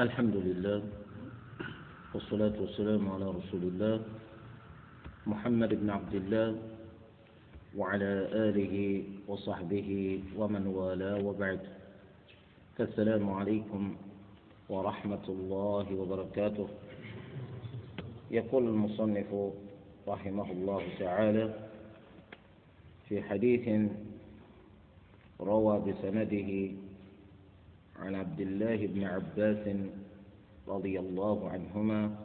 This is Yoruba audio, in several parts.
الحمد لله والصلاة والسلام على رسول الله محمد بن عبد الله وعلى آله وصحبه ومن والاه وبعد فالسلام عليكم ورحمة الله وبركاته يقول المصنف رحمه الله تعالى في حديث روى بسنده عن عبد الله بن عباس رضي الله عنهما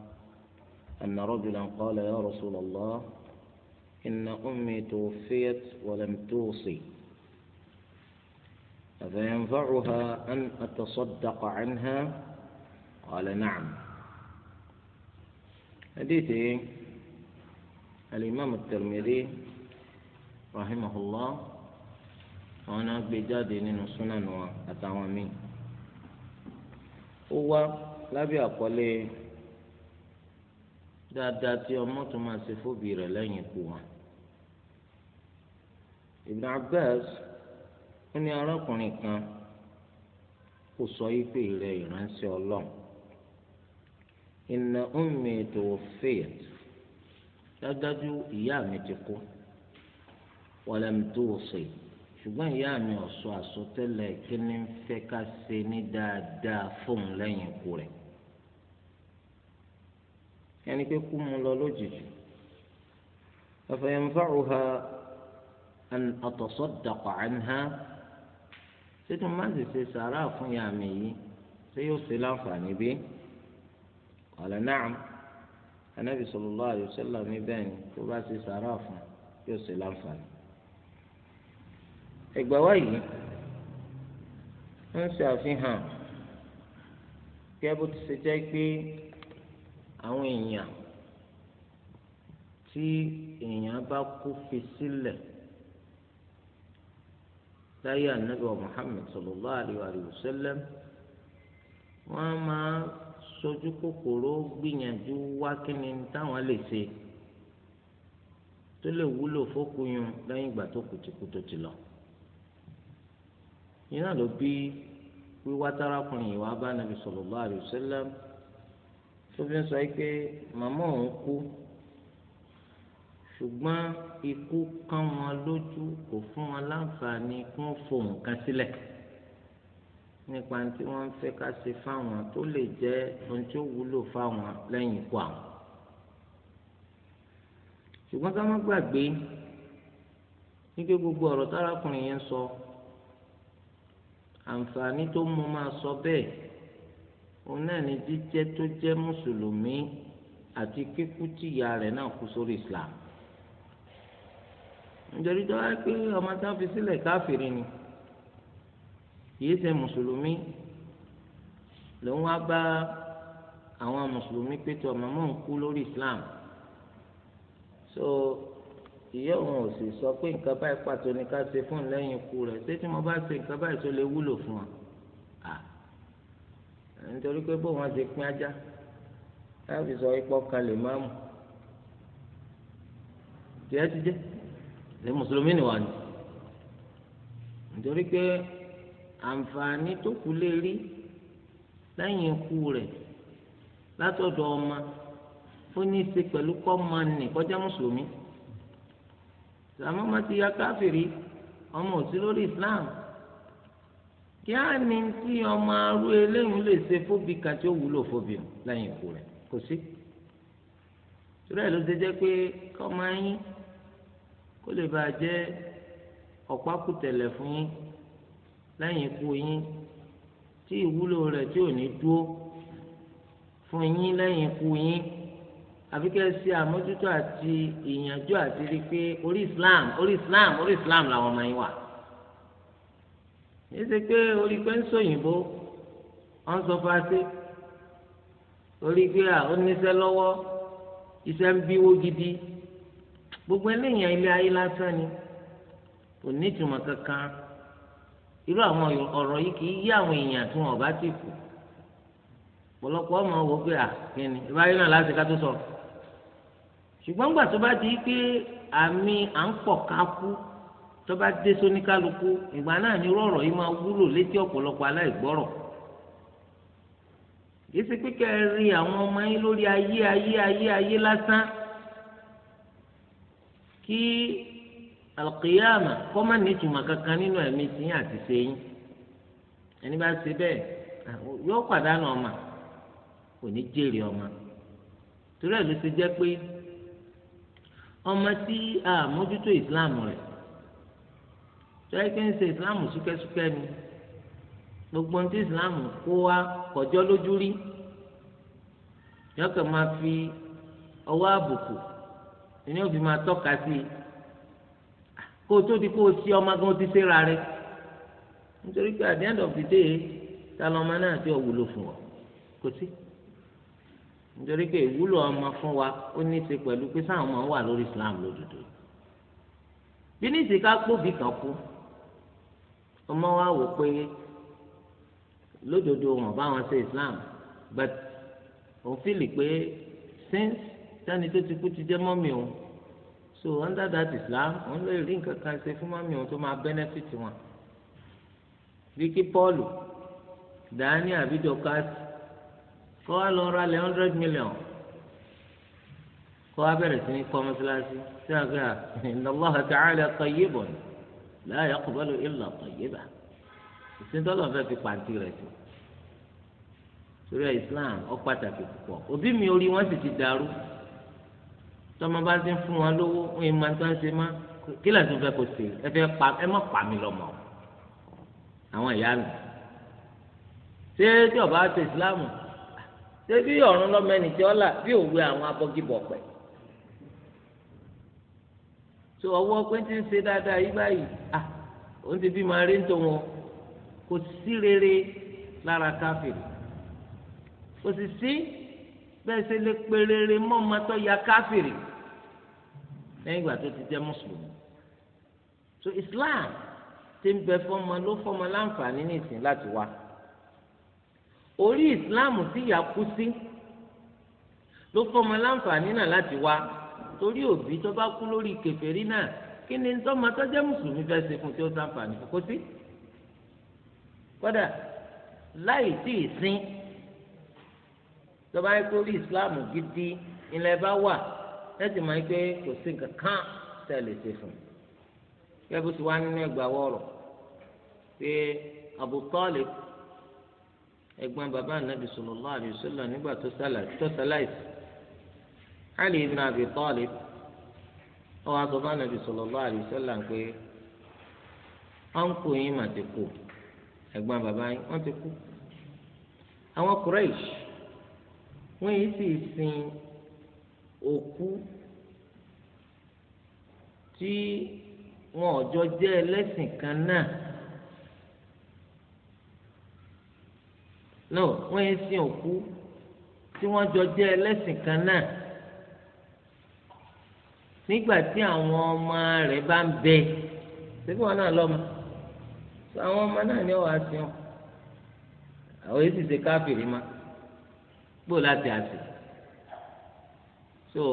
أن رجلا قال يا رسول الله إن أمي توفيت ولم توصي أفينفعها أن أتصدق عنها قال نعم حديث الإمام الترمذي رحمه الله وأنا بجادي لنصنن وأتوامين ó wá lábẹ́ àkọlé dáadáa tí ọmọ tó máa ṣe fóbi rẹ̀ lẹ́yìn ikú wọn. Ibn Abbas ó ní arákùnrin kan kò sọ yìí pé ìrẹ̀ ìránṣẹ́ ọlọ́run inna ummi tuwfiyat dájúdájú ìyá mi ti kú walam tuwsi ṣùgbọ́n ìyá mi ọ̀sọ́ àsọtẹ́lẹ̀ kí ni ń fẹ́ ká ṣe ní dáadáa fóun lẹ́yìn ikú rẹ̀ ẹni pé kú mu lọ lójijì afẹ́yẹ̀mfàrúha àtọ̀sọ́dàpọ̀ àníhá ṣé tí mo máa ń sì ṣe sàárà fún ìyá mi yìí ṣé yóò ṣe láǹfààní bí? ọ̀lẹ́ náà anábì sallallahu alaihi wasallam bẹ́ẹ̀ ni tó bá ṣe sàárà fún yóò ṣe láǹfààní ẹgbà wá yìí wọ́n ṣe àfihàn bí abó ti ṣe jẹ́ pé àwọn èèyàn tí èèyàn bá kú fi sílẹ̀ láyé ànábì wa Muhammad sallallahu alayhi wa sallam wọ́n máa sojú kòkòrò gbìyànjú wá kíni táwọn lè ṣe tó lè wúlò fókùnyùn lẹ́yìn ìgbà tó kùtìkùtò lọ iná ló bí wíwá tárakùnrin yìí wá bá nàbì sallallahu alaihi wasallam tó fi ń sọ pé màmá òun kú ṣùgbọ́n ikú kán wọn lójú kò fún wọn láǹfààní kún fò nǹkan sílẹ̀ nípa tí wọ́n ń fẹ́ ká ṣe fáwọn tó lè jẹ́ ohun tí ó wúlò fáwọn lẹ́yìn ikú àwọn. ṣùgbọ́n ká má gbàgbé wípé gbogbo ọ̀rọ̀ tárakùnrin yẹn sọ. So, àǹfààní tó mú máa sọ bẹ́ẹ̀ òun náà ni jíjẹ́ tó jẹ́ mùsùlùmí àti kíkú tìyá rẹ̀ náà kú sórí islam nítorí tó wáyé pé ọmọ tá a fi sílẹ̀ káfìrí ni kìí ṣe mùsùlùmí lòun wá bá àwọn mùsùlùmí pé tó ọmọ mọ̀ ń kú lórí islam so ìyá òun ò sì sọ pé nǹkan báyìí pàtó ni ká ṣe fún lẹ́yìn ikú rẹ̀ ṣé tí mo bá ṣe nǹkan báyìí tó lè wúlò fún wa nítorí pé bó wọn ṣe pín ajá láti sọ ipò kan lè mú tiẹ́ ti jẹ́ lè mùsùlùmí nìwà ni nítorí pé àǹfààní tó kù lè rí lẹ́yìn ikú rẹ̀ látọ̀dọ̀ ọmọ ó ní í ṣe pẹ̀lú kọ́ ọmọ nìkọ́já mùsùlùmí sàmọ́ ma ti ya káfìrí ọmọ òsì lórí islam kí á ní tí ọmọ arú eléyìí lè ṣe fóbi kan tí ó wúlò fóbi lẹ́yìn ikú rẹ̀ kò sí ìrẹ́ ló ṣe jẹ́ pé kọ́mọ yín kó lè bàa jẹ́ ọ̀pákùtẹ̀lẹ̀ fún yín lẹ́yìn ikú yín tí ìwúlò rẹ̀ tí ò ní dúró fún yín lẹ́yìn ikú yín àfi kẹ́ ẹ ṣe àmójútó àti ìyànjú àti rí i pé orí islam orí islam orí islam làwọn ọmọ yín wà. yìí ṣe pé orí pé ń sòyìnbó wọ́n sọ fásitì orí pé à ó níṣẹ́ lọ́wọ́ iṣẹ́ ń bíwó gidi gbogbo eléyàn ilé ayé lásán ni kò ní ìtumọ̀ kankan irú àwọn ọ̀rọ̀ yìí kì í yé àwọn èèyàn tí wọn ò ti kú pọ̀lọpọ̀ ọmọ wò pé à kí ni ìbáyé náà láti ká tó sọ̀rọ̀ ṣùgbọ́n gbà tó bá di pé àmì à ń pọ̀ ká kú tó bá dé sóníkálukú ìgbà náà ni rọ̀rọ̀ yìí máa wúlò létí ọ̀pọ̀lọpọ̀ aláìgbọ́rọ̀ yìí ti pípẹ́ rí àwọn ọmọ yín lórí ayé ayé ayé ayé lásán kí alqiyama kọ́ má ní ìtumọ̀ kankan nínú ẹ̀mí tí yín àti ṣe yín ẹni bá ṣe bẹ́ẹ̀ yóò pàdánù ọmọ kò ní jèrè ọmọ torí ẹ̀ ló ti jẹ́ pé ọmọ tí a mójútó islam rẹ̀ tọ́lá kí n ṣe islam súkẹ́súkẹ́ ni gbogbo ní ti islam kó wa kọjọ́ lójú rí yọkàn máa fi ọwọ́ àbùkù ìní òbí máa tọ́ka sí i kó o tó di kó o sí ọmọ gan ti séra rẹ̀ nítorí pé at the end of the day ta lọ́mọ náà ti ọ̀wúlò fún ọ kò sí nítorí pé ìwúlò ọmọ fún wa ó ní í ṣe pẹ̀lú pé sáwọn ọmọ wà lórí Islam lódodo bí ní ìsìnká gbòbí kan kú ọmọ wa wò pé lódodo wọn bá wọn ṣe Islam but òun fìlì pé since sani tó ti kú ti jẹ́ mọ́mì òun so under that Islam òun lè rí nǹkan kan ṣe fún mọ́mì òun tó máa benefit wọn bí kí Pọ́ọ̀lù dání àbí Dọ́kásì kọ́ wa lọ ra lẹ̀ hundred million kọ́ wa bẹ̀rẹ̀ sí ní kọ́ mọ́sálásí sí àgbà inna Allaha ta'ala tayyibun la yaqbalu illa tayyiba ìsìntọ́lọ́ fẹ́ fi pàǹtí rẹ̀ sí torí Islam ó pàtàkì púpọ̀ òbí mi orí wọn sì ti dàrú tọ́mọ bá ti ń fún wọn lówó wọn ìmọ̀ tó ń ṣe má kí lè fẹ́ kó ṣe ẹ fẹ́ pa ẹ má pa mí lọ́mọ àwọn ìyá mi ṣé tí ọba ti Islam ṣebí ọ̀run lọ́mọ ẹni tí ó là bí òwe àwọn abọ́gibọ̀ pẹ̀. tó ọwọ́ pé ti ń ṣe dáadáa yí báyìí à òun ti bí máa rí ń tó wọn kò sí rere lára káfíìrì kò sì sí bẹ́ẹ̀ ṣe lè pe rere mọ́ ọmọ tó ya káfíìrì lẹ́yìn ìgbà tó ti jẹ́ mùsùlùmí. so Islam ti ń bẹ fọmọ ló fọmọ láǹfààní nìsín láti wá orí ìsìláàmù tí ìyá kú sí ló fọmọ láǹfààní náà láti wá torí òbí tó bá kú lórí kèfèrí náà kí ni tọ́mọ tó jẹ́ mùsùlùmí fẹ́ ṣe fún tí ó ṣàǹfààní kókó sí kódà láì tí ì tó bá yẹ kó rí ìsìláàmù gidi ilẹ̀ bá wà láti máa ń pé kò sí nǹkan kan tẹ̀ lè ṣe fún kí ẹ bó ti wá nínú ẹgbàá wọ̀rọ̀ pé Abu Talib. egban bàbá anabi sallallahu alaihi wasallam nígbà tó sàlàyé Ali ibn Abi Talib ó wá sọ fún anabi sallallahu alaihi wasallam pé ọ̀nkù yín mà ti kú bàbá yín ti kú àwọn Quraysh wọ́n yìí sì sin òkú tí wọn ọjọ jọ jẹ́ kan náà. no wọ́n yẹn sin òkú tí wọ́n jọ jẹ́ ẹlẹ́sìn kan náà nígbà tí àwọn ọmọ rẹ̀ bá ń bẹ síbí wọn náà lọ́mọ tó àwọn ọmọ náà ní ọ̀wá sí wọn àwọn èsì ṣe káfìrí ma gbó láti àṣì so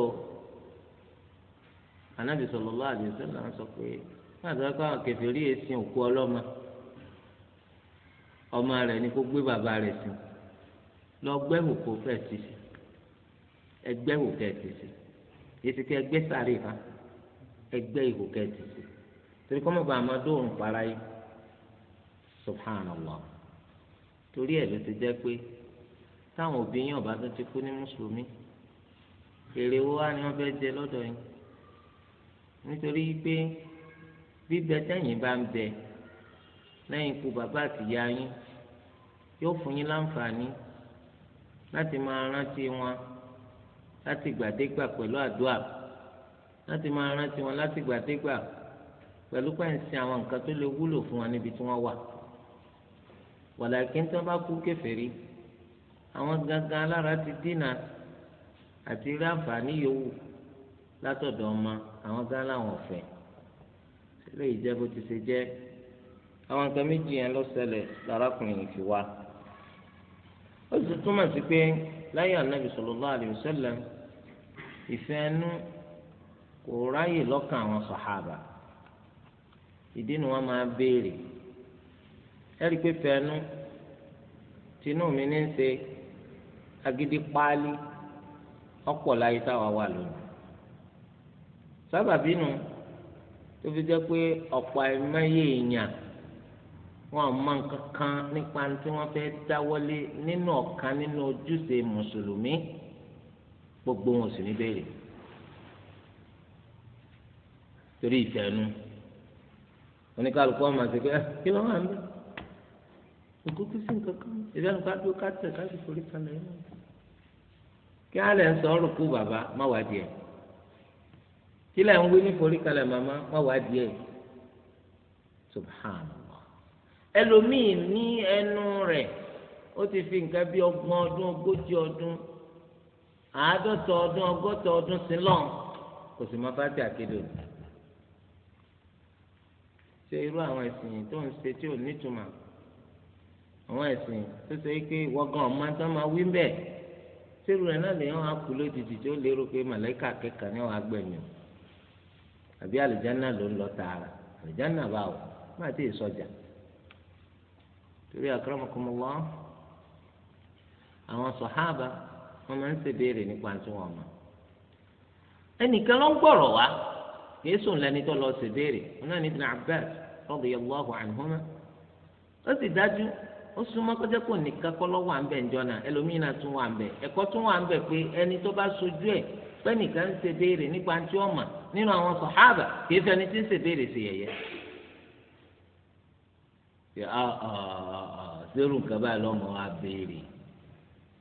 anabi sallallahu alaihi wasallam sọ pé wọn àti wọn kọ àwọn kẹfìrí òkú ọlọ́mọ ọmọ rẹ̀ ni kó gbé bàbá rẹ̀ sí lọ gbẹ́hùn kó fẹ́ sí sí ẹgbẹ́ ìhò kẹ́ẹ̀tì sí èsì kẹ́ ẹgbẹ́ sáré fa ẹgbẹ́ ìhò kẹ́ẹ̀tì sí torí kọ́mọ̀ bá àmọ́ dóorùn para yìí subhanallah torí ẹ̀ ló ti jẹ́ pé táwọn òbí yín ọ̀bá tó ti kú ní mùsùlùmí èrè wo wá ni wọ́n fẹ́ jẹ lọ́dọ̀ yín nítorí pé bíbẹ tẹ́yìn bá ń bẹ lẹ́yìn ikú bàbá àtìyá yín yóò fún yín láǹfààní láti máa rántí wọn láti gbàdégbà pẹ̀lú àdúrà láti máa rántí wọn láti gbàdégbà pẹ̀lú pẹ̀nsìn àwọn nǹkan tó lè wúlò fún wọn níbi tí wọ́n wà wàlàkí tí wọ́n bá kú kèfèrí àwọn gangan alára ti dínà àti rí àǹfààní yòówù látọ̀dọ̀ ọmọ àwọn gan láwọn ọ̀fẹ́ sílẹ̀ ìjẹ́ bó ti ṣe jẹ́ àwọn nǹkan méjì yẹn ló ṣẹlẹ̀ lárákùnrin ìfi ó sì túmọ̀ sí pé láyé ànábì sallallahu alaihi wasallam ìfẹ́ ẹnu kò ráyè lọ́kàn àwọn sàhábà ìdí ni wọ́n máa béèrè ẹ̀rí pé fẹ́ẹ́nu tinú mi ní ṣe agídí páálí ọ̀pọ̀ láyé táwa wà lónìí sábàbí tó fi jẹ́ pé ọ̀pọ̀ àìmọye èèyàn wọn mọ nǹkan kan nípa tí wọ́n fẹ́ dáwọ́lé nínú ọ̀kan nínú ojúṣe mùsùlùmí gbogbo wọn sì ní béèrè torí ìfẹ́nu oníkàlùkù ọmọ àti pé ah, kí ló wà ń bẹ òkúkú sí nǹkan kan ìfẹ́nu ká dúró ká tẹ̀ ká sì forí kalẹ̀ yẹn kí á lẹ̀ ń sọ ọ́rùn kú bàbá má wàá díẹ̀ kí lẹ̀ ń wí ní forí kalẹ̀ màmá má wàá díẹ̀ subhanahu. ẹlòmíì ní ẹnu rẹ ó ti fi nǹkan bí ọgbọn ọdún ogójì ọdún àádọ́ta ọdún ọgọ́ta ọdún sí lọ́n kò sì máa fàtí àkéde òní. irú àwọn ẹ̀sìn tó ń ṣe tí ò nítumọ̀ àwọn ẹ̀sìn tó ṣe pé wọ́gán ọmọ tó máa wí bẹ́ẹ̀ sírù rẹ̀ náà lèèyàn á kú lójijì tó lérò pé màlẹ́kà kẹ́kọ̀ọ́ ní wàá o àbí ló ń lọ tààrà bá torí akramakumullah àwọn sọ̀hábà wọ́n máa ń béèrè nípa tí wọ́n mọ̀ ẹnìkan ló ń gbọ̀rọ̀ wá kìí sùn lẹ́ni tó lọ ṣèbéèrè wọn náà ní Ibn Abbas radiyallahu anhuma ó sì dájú ó súnmọ́ kọjá kò nìkan kọ́ lọ́wọ́ à ń bẹ̀ ǹjọ́ náà ẹlòmíín náà tún wà ń bẹ̀ ẹ̀kọ́ tún wà ń bẹ̀ pé ẹni tó bá sojú ẹ̀ pẹ́ẹ́nìkan ń béèrè nípa tí wọ́n ṣe ṣerú nǹkan báyìí lọ́mọ wa béèrè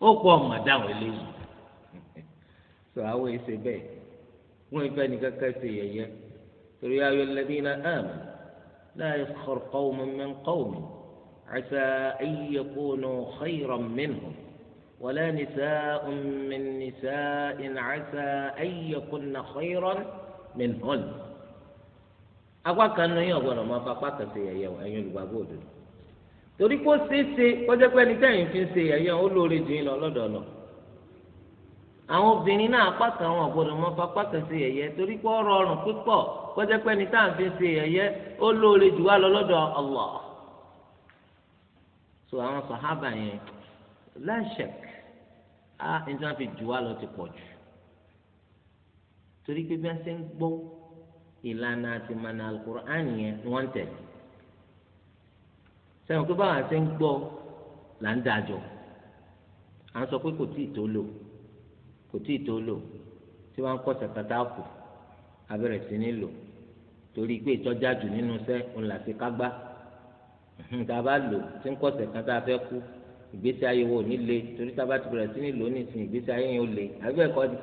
ó pọ̀ ọmọ dáhùn eléyìí sọ àwọn èsè bẹ́ẹ̀ wọ́n ìfẹ́ ní kẹ́kẹ́ ṣe yẹ̀yẹ́ torí ayọ̀ lẹ́bí iná àmì láì kọ̀ọ̀kọ́ omi mẹ́ńkọ́ omi عسى أن يكونوا خيرا منهم ولا نساء من نساء عسى أن يكن خيرا منهن apá kan nu yín ọ̀gbọ́dọ̀ máa fa apá kan ṣe yẹ̀yẹ́ o ẹ̀yin olùgbàgbọ́ òdodo torí kó ṣeéṣe kọjá pé ẹni fi ń ṣe yẹ̀yẹ́ ó lóore jù yín lọ àwọn obìnrin náà apá kan wọn máa fa ṣe torí pé ẹni fi ń ṣe ó lóore jù wá lọ so àwọn yẹn láṣẹk á tí wọ́n fi jù ti pọ̀ jù torí pé bí wọ́n ṣe ìlànà àti mànà alukur'an yẹn ni wọ́n ń tẹ̀lé sẹ́wọ̀n tó báwa ṣe ń gbọ́ là ń dájọ́ à ń sọ pé kò tí ì tó lò kò tí ì tó lò tí wọ́n ń kọ́ sàkátà kù abẹ́rẹ́ sí ní lò torí pé ìtọ́já jù nínú sẹ́ òun là ti kágbá tá a bá lò tí ń kọ́ sàkátà fẹ́ kú ìgbésí ayé wo ò ní le torí tá a bá ti bẹ̀rẹ̀ sí ní lò ó nìsín ìgbésí ayé yẹn ó le àbẹ́ẹ̀kọ́ ni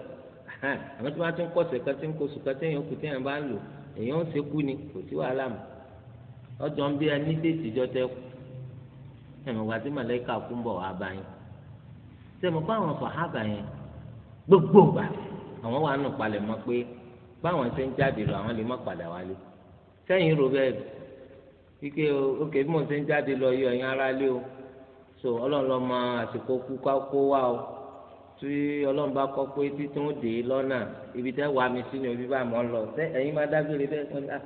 hàn àmọ́ tí wọ́n ti ń kọ́ ọ̀sẹ̀ kan tí ń kó oṣù kan tí èèyàn kù tí èèyàn bá ń lò èèyàn ń sekú ni kò sí wàhálà mọ́ ọjọ́ ń bí ẹni dé ìtìjọ́ tẹ́ kù ẹ̀mọ̀ wá sí màlẹ́kà kú ń bọ̀ wá bá yín sẹ́mi kó àwọn sàhábà yẹn gbogbo gbà àwọn wà nù palẹ̀ mọ́ pé báwọn ṣe ń jáde lọ àwọn lè má padà wálé sẹ́yìn rò bẹ́ẹ̀ wípé ókè bí mo ṣe ń jáde lọ yọ ẹ̀yin aráalé o so ọlọ́run lọ́ọ́ tí ọlọ́run bá kọ́ pé títí wọn dè é lọ́nà ibi tẹ́ wàá mi sí ni òbí bá mọ́ lọ ṣé ẹ̀yin máa dágbére bẹ́ẹ̀ fún mi. Ah,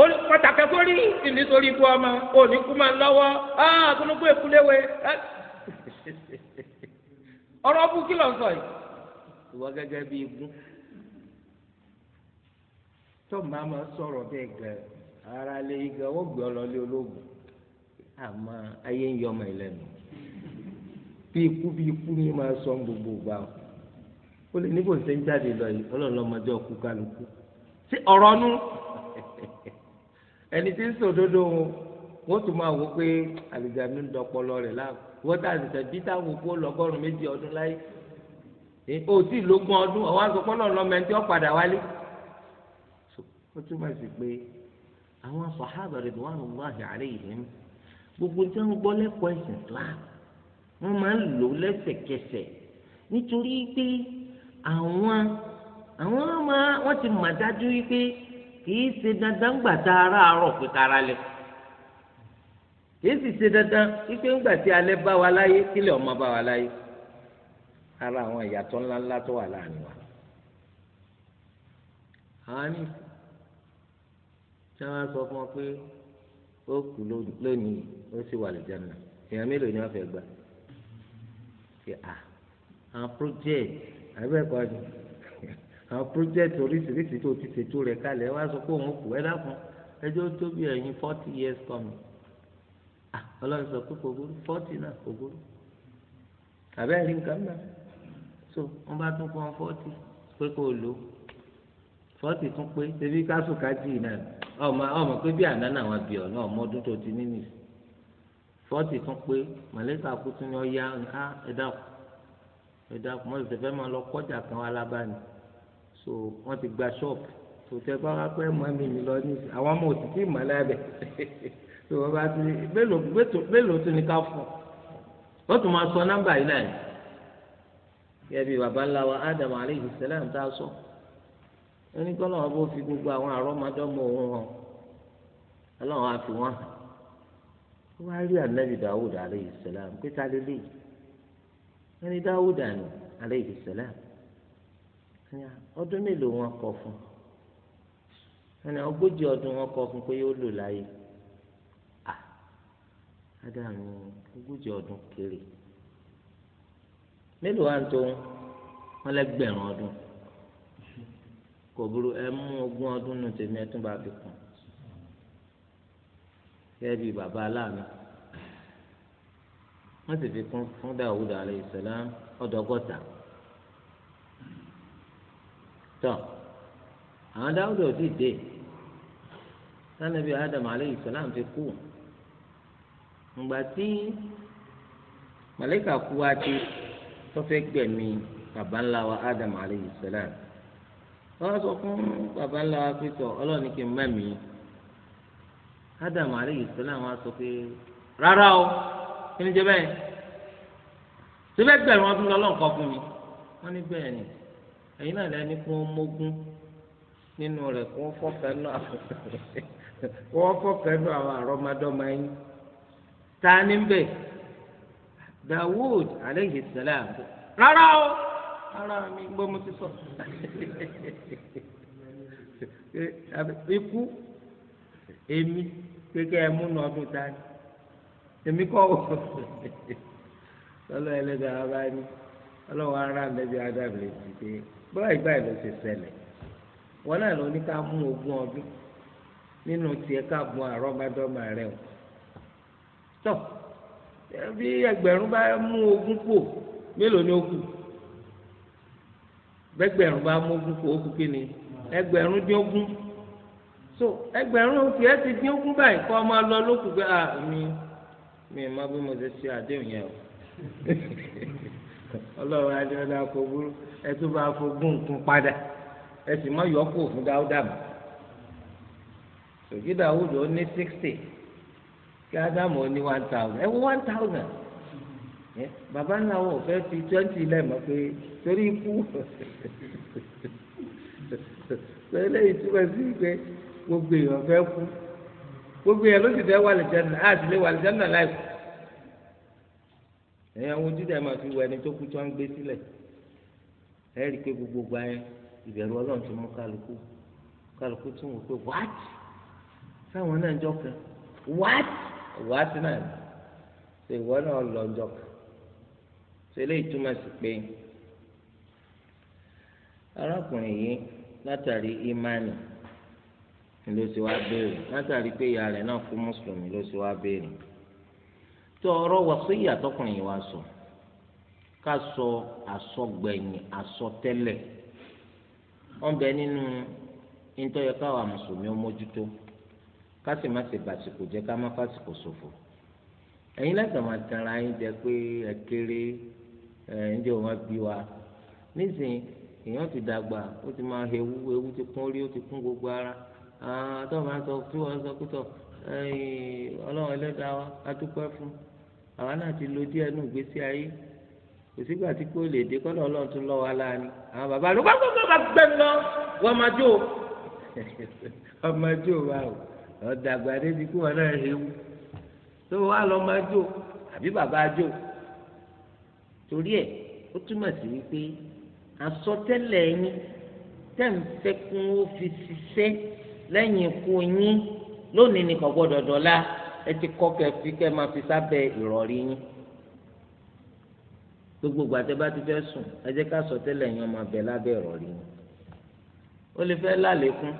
ó ní pàtàkì sórí ìsìn nítorí ibú ọmọ ò kú máa ń lọ́wọ́ àtúnúkú ah, èkúléwé. ọ̀rọ̀ bú kí ló ń sọ yìí. ìwọ gẹ́gẹ́ bí igun. tó máa ma sọ̀rọ̀ bẹ́ẹ̀ gẹ̀ ara lè gan ó gbé ọ lọ lé ológun àmọ́ ayé ń yọ ọmọ ìlẹ́nu bí ikú bí ikú ni máa sọ gbogbo gbà ó ó lè níbo ṣe ń jáde lọ yìí ọlọ́run ọmọdé ọkú kálukú sí ọ̀rọ̀ nú ẹni tí ń sòdodo wọn wọ́n tún máa wọ pé àlùjáde ń dọpọlọ rẹ̀ láàbù wọ́n tà nìkan bí táwọn òkú ọlọ́gọ́rùn-ún méjì ọdún láyé ó tí ì lógún ọdún ọ̀wá àgbọ̀pọ̀lọ́ ọlọ́mọ ẹni tí ó padà wálé ó túmọ̀ sí pé àwọn sàhábà ridwanullahi alayhim gbogbo tí wọ́n gbọ́ lẹ́kọ̀ọ́ ẹ̀sìn Islam wọ́n máa ń lò lẹ́sẹ̀kẹsẹ̀ nítorí pé àwọn àwọn máa wọ́n ti mà dájú wípé kìí ṣe dandan gbà tá ara àárọ̀ pé kára lẹ̀ kìí sì ṣe dandan wípé ńgbà tí alẹ́ bá wa láyé kílẹ̀ ọmọ bá wa láyé ara àwọn ìyàtọ̀ ńláńlá tó wà láàrin wa àwọn ní sọ fún ọ pé ó kú lónìí ó sì wà lójà náà èèyàn mélòó ni wọ́n fẹ́ gbà pé à àwọn project àbẹ́ẹ̀kọ́ ni àwọn project oríṣiríṣi tó ti ṣètò rẹ̀ kalẹ̀ wá sọ pé òun kù ẹ́ dákun ẹjọ́ tó bí ẹ̀yin forty years coming à ọlọ́run sọ pé kò burú forty náà kò burú àbẹ́ẹ̀rí nǹkan náà so wọ́n bá tún fún ọ forty pé kò lò fọ́ọ̀tì tún pé ṣebí ká sùn ká jì náà ọmọ ọmọ pé bí àná náà wọn bì ọ náà ọmọ ọdún tó ti ní nìyí fọ́ọ̀tì tún pé màlẹ́kà kú tún ní ọ̀ya ah, á ẹ̀dá kù ẹ̀dá kù wọ́n ti fẹ́ máa lọ kọjá kan wá lábàáni so wọ́n ti gba ṣọ́ọ̀bù tó tẹ bá wá pẹ́ mọ́ mi lọ ní àwọn ọmọ òtítì ìmọ̀lẹ́ abẹ tó wọ́n bá ti mélòó tún ní ká fún wọ́n tún máa sọ nọ́mbà yìí náà yẹ bí baba ńlá wa Adam aleyhi sẹlẹm tá a sọ onígbọ́n náà wọ́n bó fi gbogbo àwọn àrọ́mọdọ́mọ òun wọ́n á rí anabi dawud aleyhi salam pété alele ẹni dawud àná aleyhi salam ọdún mélòó wọn kọ fún ẹni ogójì ọdún wọn kọ fún pé yóò lò láyé adamu ogójì ọdún kéré mélòó wa ń tó wọn ọdún kò burú gẹ́gẹ́ bíi bàbá aláàánú wọ́n sì fi kún fún Dawud alayhi salam ọ̀dọ́gọ́ta tọ́ àwọn Dawud ò tíì dé sanabi Adam alayhi salam ti kú ǹgbà tí màlẹ́kà kú wa ti tọ́fẹ́ gbẹ̀mí bàbá ńlá wa Adam alayhi salam sọ fún bàbá ńlá wa pé tọ́ ọlọ́ọ̀ni kì í mẹ́mìí ádámù alayhi salam àwọn sọ pé rárá o kí ni jẹ bẹ́ẹ̀ síbẹ̀ gbẹ̀rún ọdún lọ́lọ́run kọ fún mi wọ́n ní bẹ́ẹ̀ ni ẹ̀yin náà lẹ́ni kún ó mógún nínú rẹ̀ kún ó fọ́fẹ́ náà kún ó fọ́fẹ́ náà àwọn àrọ́mọdọ́mọ ẹ̀yìn ta ni ń bẹ̀ Dawud alayhi salam rárá o rárá mi gbọ́ ti sọ ikú èmi kékeré ẹ múnú ọdún dání èmi kọ́ wò lọ́lọ́ ẹlẹ́dàá bá ní ọlọ́wọ́ ara mẹ́bí adam lè ti pé báyìí báyìí ló ti ṣẹlẹ̀ wọn náà ló ní ká mú ogún ọdún nínú tiẹ̀ ká gun àrọ́bádọ́mà rẹ o tọ́ bí ẹgbẹ̀rún bá mú ogún pò mélòó ni ó kù bẹ́gbẹ̀rún bá mú ogún pò ó kù kí ni ẹgbẹ̀rún dín ogún. so ẹgbẹ̀rún tiẹ̀ ti dín ogún báyìí kọ́ ọmọ lọ lókùn ah, mi mi má bí o kò burú ẹ tún bá fogún nǹkan padà ẹ sì má yọ kó dáúdà ní sixty kí ádámù ní one thousand ẹ wọ one thousand bàbá fi twenty gbogbo èèyàn fẹ́ kú gbogbo èèyàn ló sì fẹ́ wà lìjánà á sì lè wà lìjánà láìpẹ́ ẹ̀yìn àwọn ojú dẹ̀ máa fi wọ ẹni tó kú tí wọ́n ń gbé sílẹ̀ ẹ̀ rí i pé gbogbo gba yẹn ìbẹ̀rù ọlọ́run ti mú kálukú kálukú tún wò pé wáàt sáwọn náà jọ kan wáàt wáàt náà ṣe ìwọ náà lọ jọ kan ṣe eléyìí túmọ̀ sí pé arákùnrin yìí látàrí ìmánì. ló sì wá béèrè látàrí pé ìyá rẹ̀ náà kú mùsùlùmí ló sì wá béèrè tó sí ìyàtọkùnrin yìí wá sọ ká sọ àsọgbẹ̀yìn àsọtẹ́lẹ̀ wọn nínú nítorí mùsùlùmí ó mójútó ká sì má bàtìkù jẹ ká má ṣòfò láti máa yín jẹ pé ẹ kéré ẹ ń jẹ ewu ti kún orí ó gbogbo ara tó o máa sọ tí wọ́n sọ pítọ̀ ọlọ́run ẹlẹ́dàá wa adúpẹ́ fún àwa náà ti lo díẹ̀ nù gbèsè ayé kò sígbà tí kò lè dé kọ́nà ọlọ́run tún lọ wa láàánú àwọn bàbá rẹ̀ wọ́n gbọ́dọ̀ máa gbẹ́ lọ wọ́n máa jó wọ́n máa jó wa o ọ̀dàgbà débi kí wọ́n náà hewu tó wà lọ́ máa jó àbí bàbá jó torí ẹ̀ ó túmọ̀ sí wípé àsọtẹ́lẹ̀ yín tẹ̀ ń fẹ́ kún ó fi ṣiṣẹ́ lẹ́yìn ikú yín lónìí ni kò gbọ́dọ̀ dọ̀la ẹ ti kọ́ kẹ́ fi kẹ́ máa fi sábẹ́ ìrọ̀rí yín gbogbo gbàtẹ́ bá ti fẹ́ sùn ẹ jẹ́ ká sọ tẹ́lẹ̀ yín ọmọ abẹ lábẹ́ ìrọ̀rí yín ó lè fẹ́ lálékún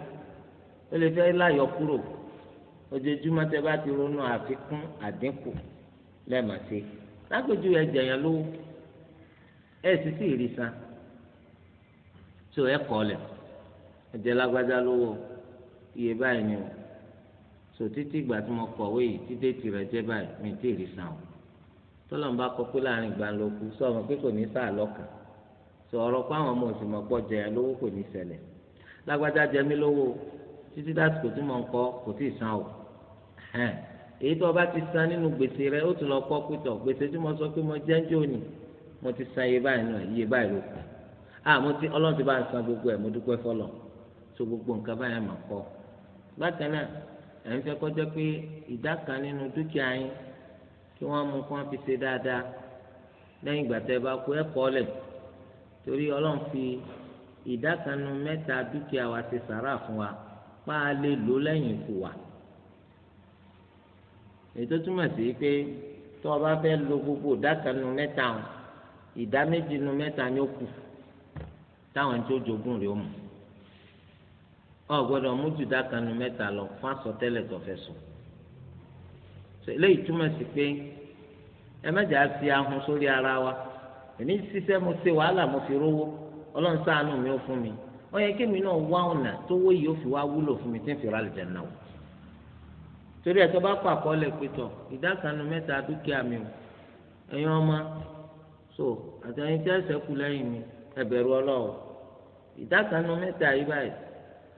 ó lè fẹ́ láyọ kúrò ojoojúmọ́ tẹ́ bá ti ronú àfikún àdínkù lẹ́ẹ̀mọ́sí lágbèjú ẹ̀jẹ̀ yẹn lówó ẹ̀ sì sì rí tó ẹ̀ kọ́ lẹ̀ ẹ̀jẹ̀ lágbájá lówó o iye báyìí ni o sọ títí ìgbà tí mo kọ̀wé yìí títí tìrẹ̀ jẹ́ báyìí mi tí ì rí san o tọ́lọ̀ ń bá kọ pé láàrin ìgbà ló kú sọ ọmọ pé kò ní sáà lọ́kàn sọ ọ̀rọ̀ pé àwọn ọmọ òsì mọ̀ pọ̀ jẹ lówó kò ní ṣẹlẹ̀ lágbájá jẹ mí lówó títí dásìkò tí mo ń kọ kò tí ì san o èyí tó o bá ti san nínú gbèsè rẹ ó tún lọ kọ́ pítọ̀ gbèsè tí mo sọ pé mo jẹ́ ń jò mo ti san iye báyìí náà iye báyìí ló kù ah mo ti ọlọ́run ti bá ń san gbogbo ẹ̀ mo dúpẹ́ fọlọ́ so gbogbo nǹkan báyìí mà kọ́ bákan náà ẹ̀yin fẹ́ kọjá pé ìdá kan nínú dúkìá yín kí wọ́n mú kí wọ́n fi ṣe dáadáa lẹ́yìn ìgbà tẹ́ bá kú ẹ̀kọ́ lẹ̀ torí ọlọ́run fi ìdá kan nínú mẹ́ta dúkìá wa ṣe sàrà fún wa pa á lè lò lẹ́yìn ikú wa ètò túmọ̀ sí pé tó o bá fẹ́ lo gbogbo ìdá kan nínú mẹ́ta ìdá méjì nínú mẹ́ta ni ó kù táwọn tó jogún rẹ̀ ó mú ọ gbọ́dọ̀ mú jùdá kanu mẹ́ta lọ fún asọtẹ́lẹ̀ tọfẹ sùn eléyìí túmọ̀ sí pé ẹ má jà sí ahun sórí ara wa èmi ṣiṣẹ́ mo ṣe wàhálà mo fi rówó ọlọ́run ṣàánú mi ó fún mi ó yẹ kémi náà wá ọ̀nà tó wó yìí ó fi wá wúlò fún mi tí ń fi ra àlùjẹ náà torí ẹ̀ tó bá kọ àkọọ́lẹ̀ pétọ̀ ìdá mẹ́ta dúkìá mi ò ẹ̀yin ọmọ so àtẹ̀yìn tí ẹ̀sẹ̀ kú lẹ́yìn mi ẹ̀bẹ̀rù ọlọ́run ìdá mẹ́ta yìí báyìí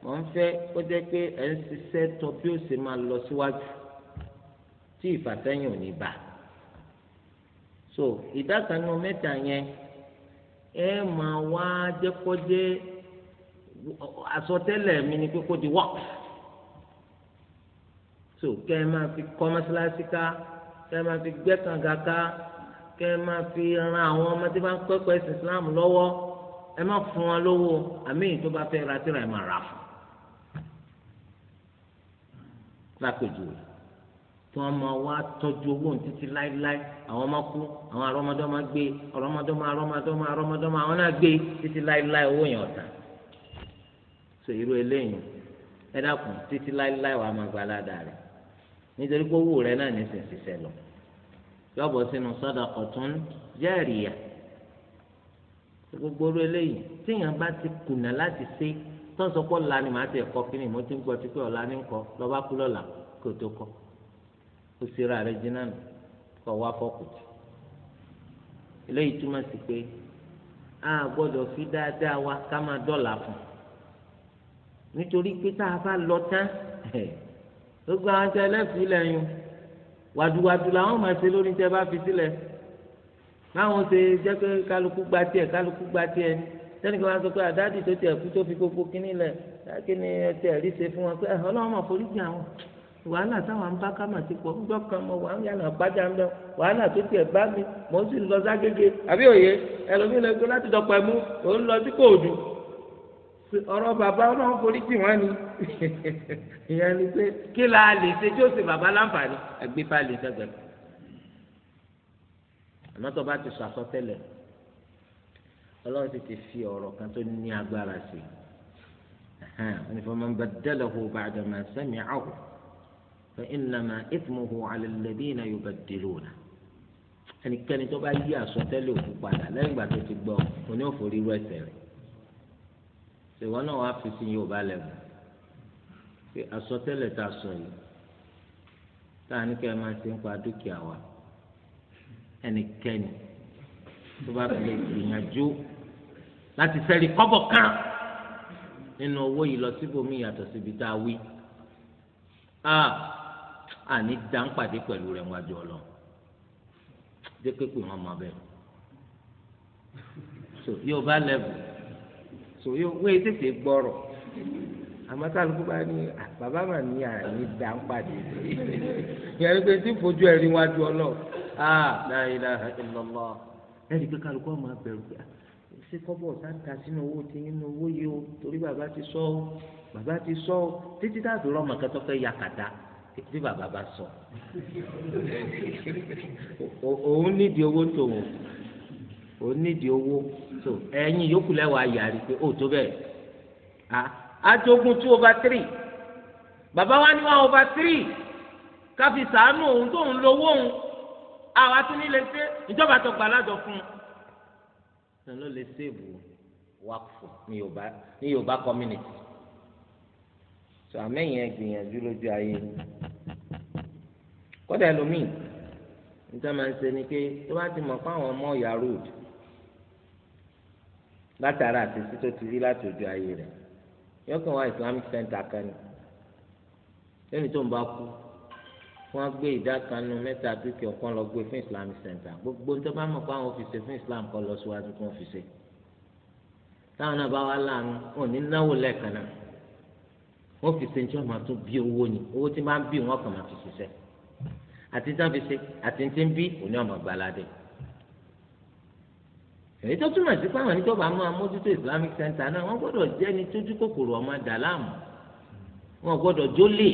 mọ̀ ń fẹ́ kó jẹ́ pé ẹ̀ ń ṣiṣẹ́ tọ́ bí ó ṣe máa lọ síwájú tí ìfàsẹ́yìn ò ní bà so ìdákanu mẹ́ta yẹn ẹ máa wá jẹ́kọ́jẹ́ àsọtẹ́lẹ̀ mi ni pé kó di wọ́ọ̀k so kẹ́ ẹ máa fi kọ́ mọ́ṣáláṣí ká kẹ́ ẹ máa fi gbẹ́ kànga ká kẹ́ ẹ máa fi ran àwọn ọmọdé bá ń pẹ́pẹ́ sí Islam lọ́wọ́ ẹ má fún wọn lówó àmì ìjọba fẹ́ ra tíra ẹ máa rà fún. lápèjù rẹ̀ tí wọ́n máa wá tọ́jú owó títí láéláé àwọn máa kú àwọn arọ́mọdọ́mọ gbé arọ́mọdọ́mọ arọ́mọdọ́mọ arọ́mọdọ́mọ àwọn náà gbé títí láéláé owó yẹn ọ̀tá so irú eléyìí ẹ dákun títí láéláé wàá máa gba aládàá rẹ̀ nítorí pé owó rẹ̀ náà ní sísè lọ yọ̀bọ̀ sínú sadaqatun jariyah gbogbo orú eléyìí téèyàn bá ti kùnà láti ṣe tó ń sọ pé ọ̀la ni màá ti ẹ̀kọ́ kí ni mo ti ń gbọ́ tipẹ́ ọ̀la ní kọ́ lọ́ba kú lọ́la kí o tó kọ́ o sì ra rẹ jiná nù kọ́ wá fọ́kùtù eléyìí túmọ̀ sí pé a gbọ́dọ̀ fi dáadáa wa ká máa dọ́là fún nítorí pé tá a bá lọ tán gbogbo àwọn tẹ lẹ́fìí lẹ́yìn wàdùwàdù làwọn máa ṣe lórí tẹ bá fi sílẹ̀ báwọn ṣe jẹ́ pé kálukú gba tiẹ̀ kálukú gba tiẹ̀ ni sẹ́ni kí wọ́n sọ pé àdáàdì tó tiẹ̀ kú tó fi gbogbo kínní lẹ̀ kí ni ẹ tiẹ̀ rí ṣe fún wọn pé ọlọ́run mọ̀ forí jìn àwọn wàhálà táwọn ń bá kámà ti pọ̀ ń gbọ́kàn mọ wàhálà àpájà ń bẹ wàhálà tó tiẹ̀ bá mi mò ń sì lọ ságége àbí òye ẹlòmíín lọ gbé láti dọ̀pọ̀ ẹ̀mú ò ń lọ sí kóòdù ọ̀rọ̀ bàbá ọlọ́run forí jìn wọ́n ni ìyẹn ni pé kí la lè ṣe tí ó ṣe bàbá láǹfààní àgbépa lè ṣẹgbẹ̀rẹ̀ ọlọ́run sì ti fi ọ̀rọ̀ kan tó ní agbára sí i faman baddalahu ba'da ma sami'ahu fa innama ithmuhu 'ala alladhina yubaddiluna ẹnikẹ́ni tó bá yí àsọtẹ́lẹ̀ òkú padà lẹ́yìn ìgbà tó ti gbọ́ òní òfò rírú ẹsẹ̀ rẹ̀ ṣèwọ náà wàá fi sí yóò bá lẹ́bùn pé àsọtẹ́lẹ̀ tá sọ yìí tá a ní kẹ́ ẹ máa ṣe ń pa dúkìá wa ẹnikẹ́ni tó bá fi lè gbìyànjú láti fẹ́ rí kọ́bọ̀ kan nínú owó yìí lọ síbòmí yàtọ̀ síbi tá a wí àní dáńpàdé pẹ̀lú rẹ̀ wájú ọlọ́run dé pé pé wọ́n mọ bẹ́ẹ̀ so yóò bá lẹ́bù so yóò wé tètè gbọ́rọ̀ àmọ́ kálukú bá ní bàbá mà ní àní dáńpàdé yẹn ni pé tí fojú ẹ̀rí wájú ọlọ́run ah la ilaha illallah ẹ̀rí pé kálukú ọmọ abẹ́rù pé ah sí kọ́bọ̀ sáńtà sínú owó tí nínú owó yìí o torí bàbá ti sọ ọ́ bàbá ti sọ ọ́ títí táàbí rọ́ọ̀mù kẹ́tọ́ fẹ́ ya kàdá tí bàbá bá sọ òun nídìí owó tòun òun nídìí owó tó ẹ̀yin yòókù lẹ́wàá yàrí pé ó tó bẹ́ẹ̀ a ajogun two over three bàbá wa ní one over three káfí sàánú òun tóun lówó òun àwa tún nílé pé ìjọba tó gbà lájọ fún un náà ló lè sèbù wákùfù ní yorùbá ní yorùbá community tó àmẹ́yìn ẹ̀ gbìyànjú lójú ayé kódà ẹlòmíì níta máa ń ṣe ni pé tó bá ti mọ̀ fáwọn ọmọ ìyá road látara àtẹ̀sí tó ti rí láti ojú ayé rẹ̀ yọkàn wá islamic center kan ni lẹ́ni tó ń bá kú wọ́n gbé ìdá kan nu mẹ́ta dúkìá kan lọ gbé fún Islamic Center gbogbo tó bá mọ̀ pé àwọn òfìsè fún Islam kan lọ síwájú fún òfìsè táwọn náà bá wà láàánú wọn ò ní náwó lẹ́ẹ̀kan náà wọ́n fi ṣe ní tí wọ́n máa tún bí owó ni owó tí máa ń bí wọn kàn máa fi ṣiṣẹ́ àti tí wọ́n fi ṣe àti tí ń bí òní ọmọ gbaládé èyí tó túmọ̀ sí pé àwọn oníjọba máa mójútó Islamic Center náà wọ́n gbọ́dọ̀ jẹ́ ni tójú kòkòrò ọmọ dàlámù wọ́n gbọ́dọ̀ jólè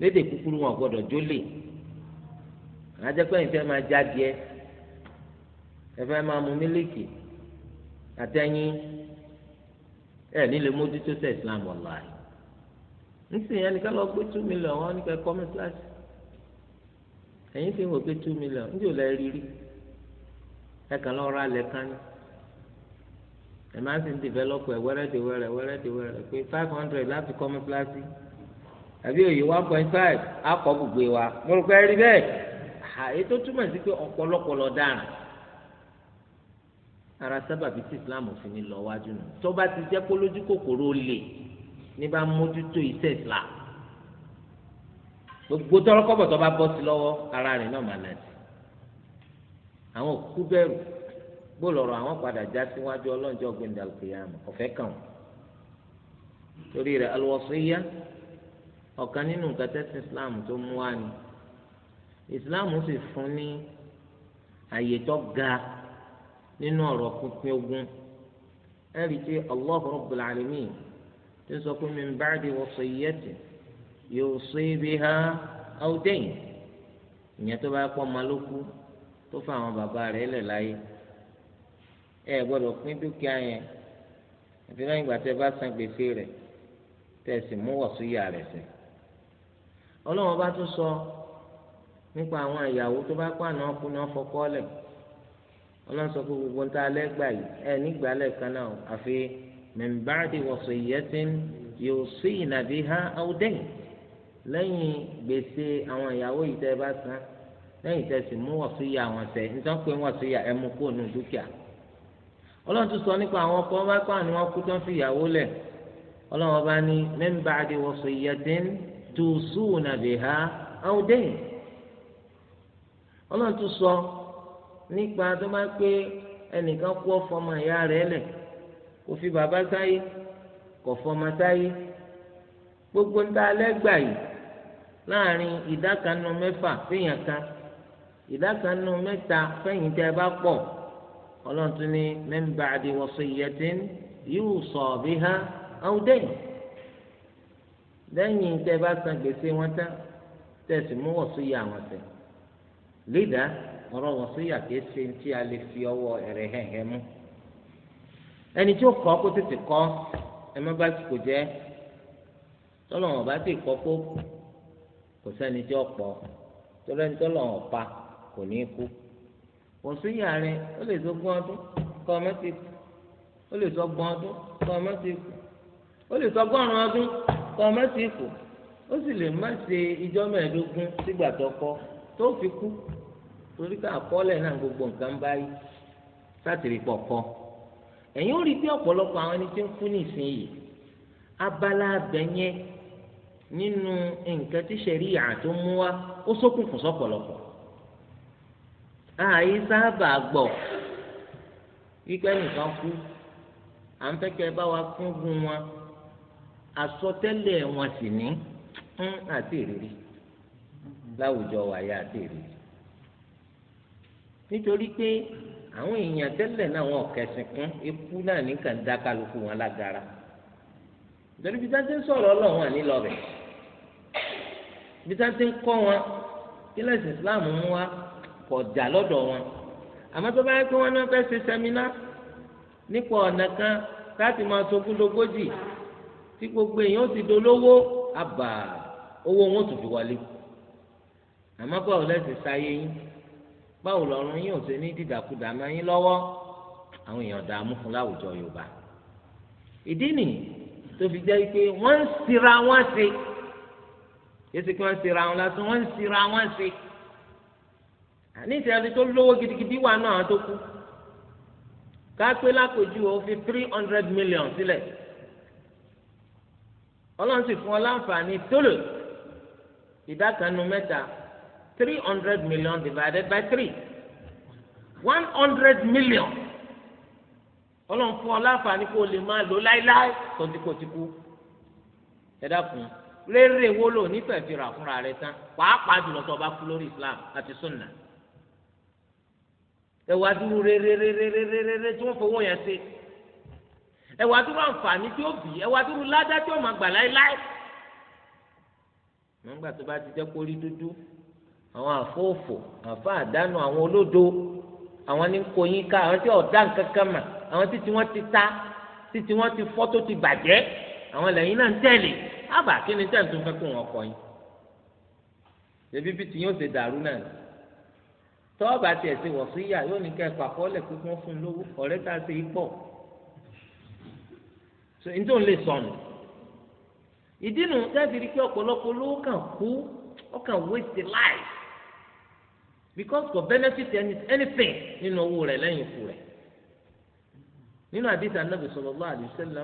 lédè kúkúrú wọn gbọ́dọ̀ jólè àjẹpẹ́yìn fẹ́ máa jáde ẹ fẹ́ máa mu mílíkì àtẹ̀yìn ẹ nílé mójútó sẹ́ islam ọ̀la yìí nísìnyí ẹnìkan lọ gbé two million wọn ní kẹ́kọ́ kíláàsì ẹ̀yìn fi wọ́n gbé two million ní ìjòlá ẹ rírí ẹ kàn lọ ra alẹ́ kan ẹ máa ń sìn dìvẹ́lọ́pù ẹ wẹ́rẹ́ dè wẹ́rẹ́ wẹ́rẹ́ dè wẹ́rẹ́ pé five hundred àbí òye one point five akọ gbogbo wa mo rò pé rí bẹ́ẹ̀ ètò túmọ̀ sí pé ọ̀pọ̀lọpọ̀ lọ dáràn ara sábàbí tí islam fi ní lọ wájú nù tó bá ti jẹ́ kólójú kòkòrò lè ní bá mójútó iṣẹ́ islam gbogbo tọrọkọbọ tó bá bọ́ sí lọ́wọ́ ara rẹ̀ náà máa lẹsẹ àwọn òkú bẹ̀rù gbólọrọ àwọn padà já síwájú ọlọ́njọ́ gbẹndàlùkìyàmù ọ̀fẹ́ kàn wọ́n torí rẹ̀ alwasiyya ọ̀kan nínú nǹkan tẹ́sí islam tó mú wá ni islam sì fún ní àyè tó ga nínú ọ̀rọ̀ pínpín ogún ẹ̀rí tí allah rabbul alamin ti sọ pé min ba'di wasiyyatin yusi biha aw dayn ìyẹn tó bá pọ̀ ọmọ ló kú tó fún àwọn bàbá rẹ̀ lẹ̀ láyé ẹ gbọ́dọ̀ pín dúkìá yẹn àti lẹ́yìn ìgbà tẹ́ bá san gbèsè rẹ̀ tẹ́ mú wọ̀sùn yà rẹ̀ sẹ́yìn ọlọ́run bá tún sọ nípa àwọn ìyàwó tó bá pààna ọkùnrin náà fọkọ lẹ̀ ọlọ́run sọ pé gbogbo ń ta alẹ́ gbà yìí ẹ̀ nígbà lẹ́ẹ̀kan náà àfi mẹ̀mbáàdì wọ̀sọ̀ ìyẹ́sìn yóò sí ìnàbí ha ọ̀dẹ́yìn lẹ́yìn gbèsè àwọn ìyàwó yìí tẹ́ bá san lẹ́yìn tẹ́ sì mú wọ̀sọ̀ ìyá àwọn tẹ̀ nítorí wọ́n pé wọ̀sọ̀ ìyá ẹ̀ mú kóònù dúkìá ọlọ́run tún sọ nípa àwọn ọkọ wọn bá pààna wọn kú fi ìyàwó lẹ̀ ọlọ́run bá ní mẹ̀mbáàdì wọ̀sọ̀ توصون بها أو دين ọlọ́run tún sọ nípa tó máa pé ẹnìkan kú ọfọmọ ìyá rẹ̀ kò fi bàbá sáyé kò fọmọ gbogbo ń ta lẹ́gbà yìí láàrin ìdákanu mẹ́fà fẹ́yàn kan ìdákanu mẹ́ta fẹ́yìn tẹ́ bá pọ̀ ọlọ́run tún ní lẹ́yìn tẹ́ bá san gbèsè wọn tán tẹ̀sí mú wọn tẹ̀ lídà ọ̀rọ̀ wọ̀síyà kìí tí a lè fi ọwọ́ ẹ̀rẹ̀ hẹ̀hẹ̀ mú ẹni tí ó kọ́ kó tètè kọ́ ẹ má bá kò jẹ́ tọ́lọ́wọ́n bá ti kò sẹ́ni tí ó pọ̀ pa kò ní kú rẹ ó kọ́ ọ mẹ́sì kù ó sì lè má ṣe ìjọ mẹ́ẹ̀ẹ́dógún sígbà tó kọ́ tó fi kú torí ká àkọọ́lẹ̀ náà gbogbo nǹkan báyìí sátìrì pọ̀ kọ́ ẹ̀yin ó rí bí ọ̀pọ̀lọpọ̀ àwọn ẹni tí ń kú nísìnyìí abala abẹ yẹn nínú nǹkan tí sẹ̀ríyà tó mú wá ó ṣókùnkùn sọ̀pọ̀lọpọ̀ ààyè sábà gbọ́ wípé nìkan kú à ń fẹ́ kẹ́ ẹ bá wa kún wọn àsọtẹ́lẹ̀ wọn sì ní àti ìrírí láwùjọ wàyà àti ìrírí nítorí pé àwọn èèyàn tẹ́lẹ̀ náà wọn kẹsìn kún ikú náà nìkan dá kálukú wọn lágara nítorí bí táńtì ń sọ̀rọ̀ ọlọ́run àní lọ́bẹ̀ bí táńtì ń kọ́ wọn kílẹ̀sì islam mú wa kọjá lọ́dọ̀ wọn àmọ́ tó bá yẹ kí wọ́n náà fẹ́ ṣe sẹ́mínà nípa ọ̀nà kan láti máa sogún lógójì tí gbogbo èèyàn ó ti dolówó àbà owó wọn ò tún fi wọlé àmọ́ báwo lẹsìn sáyé yín báwo lọrùn yín ò ṣe ní dìdàkudà máa yín lọ́wọ́ àwọn èèyàn dààmú fún láwùjọ yorùbá ìdí nìyí tó fi jẹ́ pé wọ́n ń sira wọn sí yéésì kí wọ́n ń sira wọn lásán wọ́n ń sira wọn sí àní ìṣẹ̀lẹ̀ tó lówó gidigidi wà náà tó kú ká pé lápèjú o fi three hundred million sílẹ̀. Si ọlọ́run sì fún ọ láǹfààní tólò ìdá kan nu mẹ́ta three hundred million divided by three one hundred million ọlọ́run fún ọ láǹfààní kó o lè máa lò láéláé kòtìkòtìkù ẹ dákun rere wo ló nífẹ̀ẹ́ fi rà fúnra rẹ tán pàápàá jùlọ tó o bá kú lórí Islam àti sunna ẹ wá dúró rere rere rere tí wọ́n fowó yẹn ṣe ẹwà dúró àǹfààní tí ó bì ẹwà dúró ládá tí ó máa gbà láéláé. nígbà tó bá ti jẹ́ kórí dúdú àwọn àfóòfò àfa àdánù àwọn olódo àwọn ní kó yín ká àwọn tí ọ̀dá nǹkankan mà àwọn títí wọ́n ti ta títí wọ́n ti fọ́ tó ti bàjẹ́ àwọn lẹ́yìn náà ń tẹ̀lé ábà kí ni tẹ̀ ń tún fẹ́ kó wọn kọ yín. ṣèbí bí tìyín ṣe dàrú náà tọ́ọ̀bà tiẹ̀ ṣe wọ̀ sí yà yóò ní kẹ́ ẹ̀ pàkọ́ lẹ̀ pé fún un lówó ọ̀rẹ́ tá ṣe yí pọ̀. so ní tó ń lè sọnù ìdí nu jáde pé ọ̀pọ̀lọpọ̀ ló kàn kú ó kàn waste life because kò benefit anything nínú owó rẹ̀ lẹ́yìn ikú rẹ̀ nínú àdìsá nàbì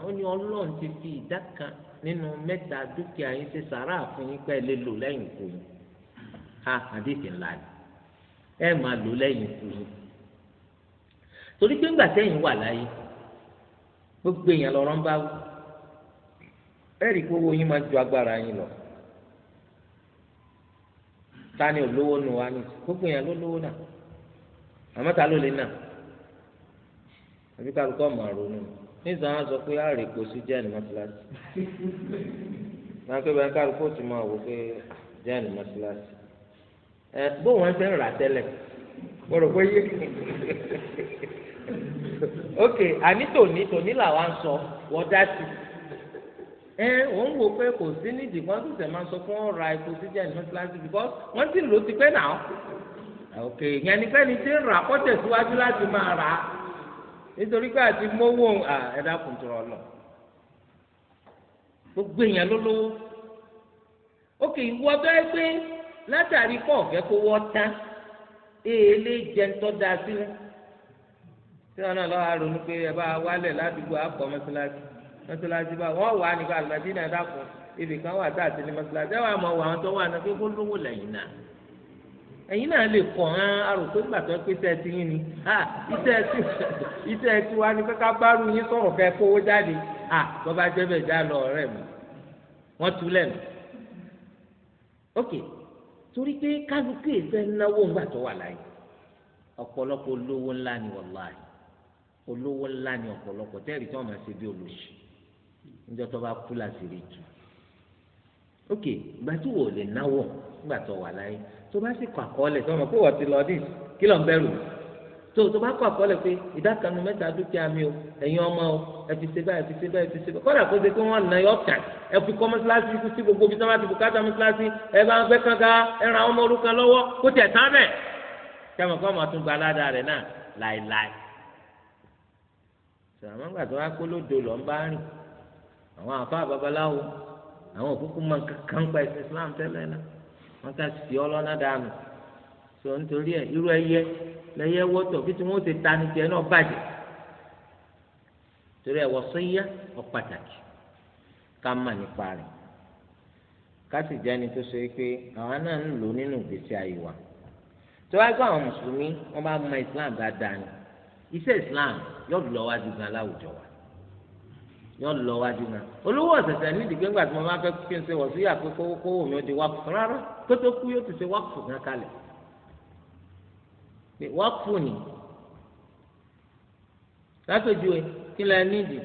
ó ní Ọlọ́run ti fi ìdá kan nínú mẹ́ta dúkìá yín ṣe sàrà fún yín pẹ́ lè lò lẹ́yìn ikú yín ha àdìsí ńlá ni ẹ máa lò lẹ́yìn ikú yín torí pé ńgbà wà láyé. gbogbo èèyàn lọ́rọ̀ ń bá wù ẹ̀rí pé owó yín máa ju lọ ta ni olówó nù wá ní gbogbo èèyàn ló lówó náà àmọ́ ta ló lè nà àbí kálukọ́ máa ronú nígbà wọn sọ pé àárẹ̀ kò sí jẹ́ ẹni mọ́tíláṣí náà pé bẹ́ẹ̀ kálukọ́ ti máa wò pé jẹ́ ẹni bó wọn ṣe ń rà tẹ́lẹ̀ mo rò pé yé ok àní tòní tòní làwa ń sọ wọ́n dá sí ẹ òun wò pé kò sí nídìí wọ́n tún tẹ̀ máa sọ fún ọ̀ra epo síjà ní mọ́tíláṣí because wọ́n ti lò ó ti pẹ́ náà ok yẹn ni pẹ́ni tí ń rà kọ́ tẹ̀síwájú láti máa rà á nítorí pé àti mówó ẹ̀dá kùntùrọ̀ lọ gbogbo èèyàn ló lówó ok ìwọ bẹ́ẹ̀ pé látàrí kọ́ ọ̀fẹ́ kó wọ́ tán èèlé jẹ́ ń tọ́ da sílẹ̀ tí wọn náà lọ́wọ́ ronú pé ẹ bá wálẹ̀ ládùúgbò àpọ̀ mọ́sálásí mọ́sálásí bá wọ́n wà nípa àlùbáṣí náà dákun ibì kan wà tá àti ní mọ́sálásí ẹ wà mọ̀ wọ àwọn tó wà náà pé kó lówó lẹ́yìn náà ẹ̀yin náà lè kọ̀ ọ́n aròkó nígbà tó pé iṣẹ́ ti yín ni iṣẹ́ ti wá ní kọ́ká bárù yín sọ̀rọ̀ kẹ́ kówó jáde bọ́bá jẹ́bẹ̀ já lọ ọ̀rẹ́ mi wọ́n tú lẹ́nu. ok torí pé kálukú ìfẹ́ náwó ńgbà tó wà láyé ọ̀pọ̀lọpọ̀ olówó ńlá ni wọ́n láyé olówó ńlá ni ọ̀pọ̀lọpọ̀ tẹ́rì tí wọ́n máa ṣe bí olóṣù níjọ́ tó bá kú láṣìírí jù ok ìgbà tí wò lè náwó nígbà tó wà láyé tó bá sì kọ àkọọ́lẹ̀ tó mọ̀ pé wọ́n ti lọ ọdún kí ló ń bẹ̀rù tó tó bá kọ àkọọ́lẹ̀ pé ìdákanu mẹ́ta dúkìá mi o ẹ̀yin ọmọ o ẹ fi ṣe báyìí ẹ fi ṣe báyìí ẹ fi ṣe báyìí kọ́dà kó ṣe pé wọ́n na yọ̀ọ̀tà ẹ fi kọ́ mọ́sálásí sí gbogbo ibi tí wọ́n bá ti bùkátà ẹ bá ń fẹ́ kankan ẹ ọmọ orúkọ lọ́wọ́ kó tẹ̀ sábẹ̀ kẹ́mọ̀kọ́ tún gba aládàá rẹ̀ náà láìláì sàmọ́ gbà tó wá pé lódò lọ́n bá rìn àwọn àfa babaláwo àwọn òkúkú máa kankan pa ẹ̀sìn Islam tẹ́lẹ̀ náà wọ́n ká sí ọlọ́nà dànù sọ nítorí ẹ̀ irú ẹyẹ lẹ́yẹ wọ́tọ̀ bí tí wọ́n ti ta ni tiẹ̀ náà bàjẹ́ torí ẹ̀ wọ́n sọ yá ọ̀ pàtàkì ká mà nípa rẹ̀ kásì jẹni tó ṣe pé àwọn náà ń lò nínú ìgbésí ayé wa tó wá gbọ́ àwọn mùsùlùmí wọ́n bá mọ Islam dáadáa ni iṣẹ́ Islam yóò lọ wájú gan láwùjọ wa yóò lọ wájú gan olówó ọ̀sẹ̀sẹ̀ nídìí pé ńgbà tí mo máa fẹ́ kí n ṣe wọ̀ sí àpé kówó mi ó di wákùfù rárá kó tó kú yóò ti ṣe wákùfù gan kalẹ̀ pé wákùfù ni lápèjú ẹ kí lẹ nídìí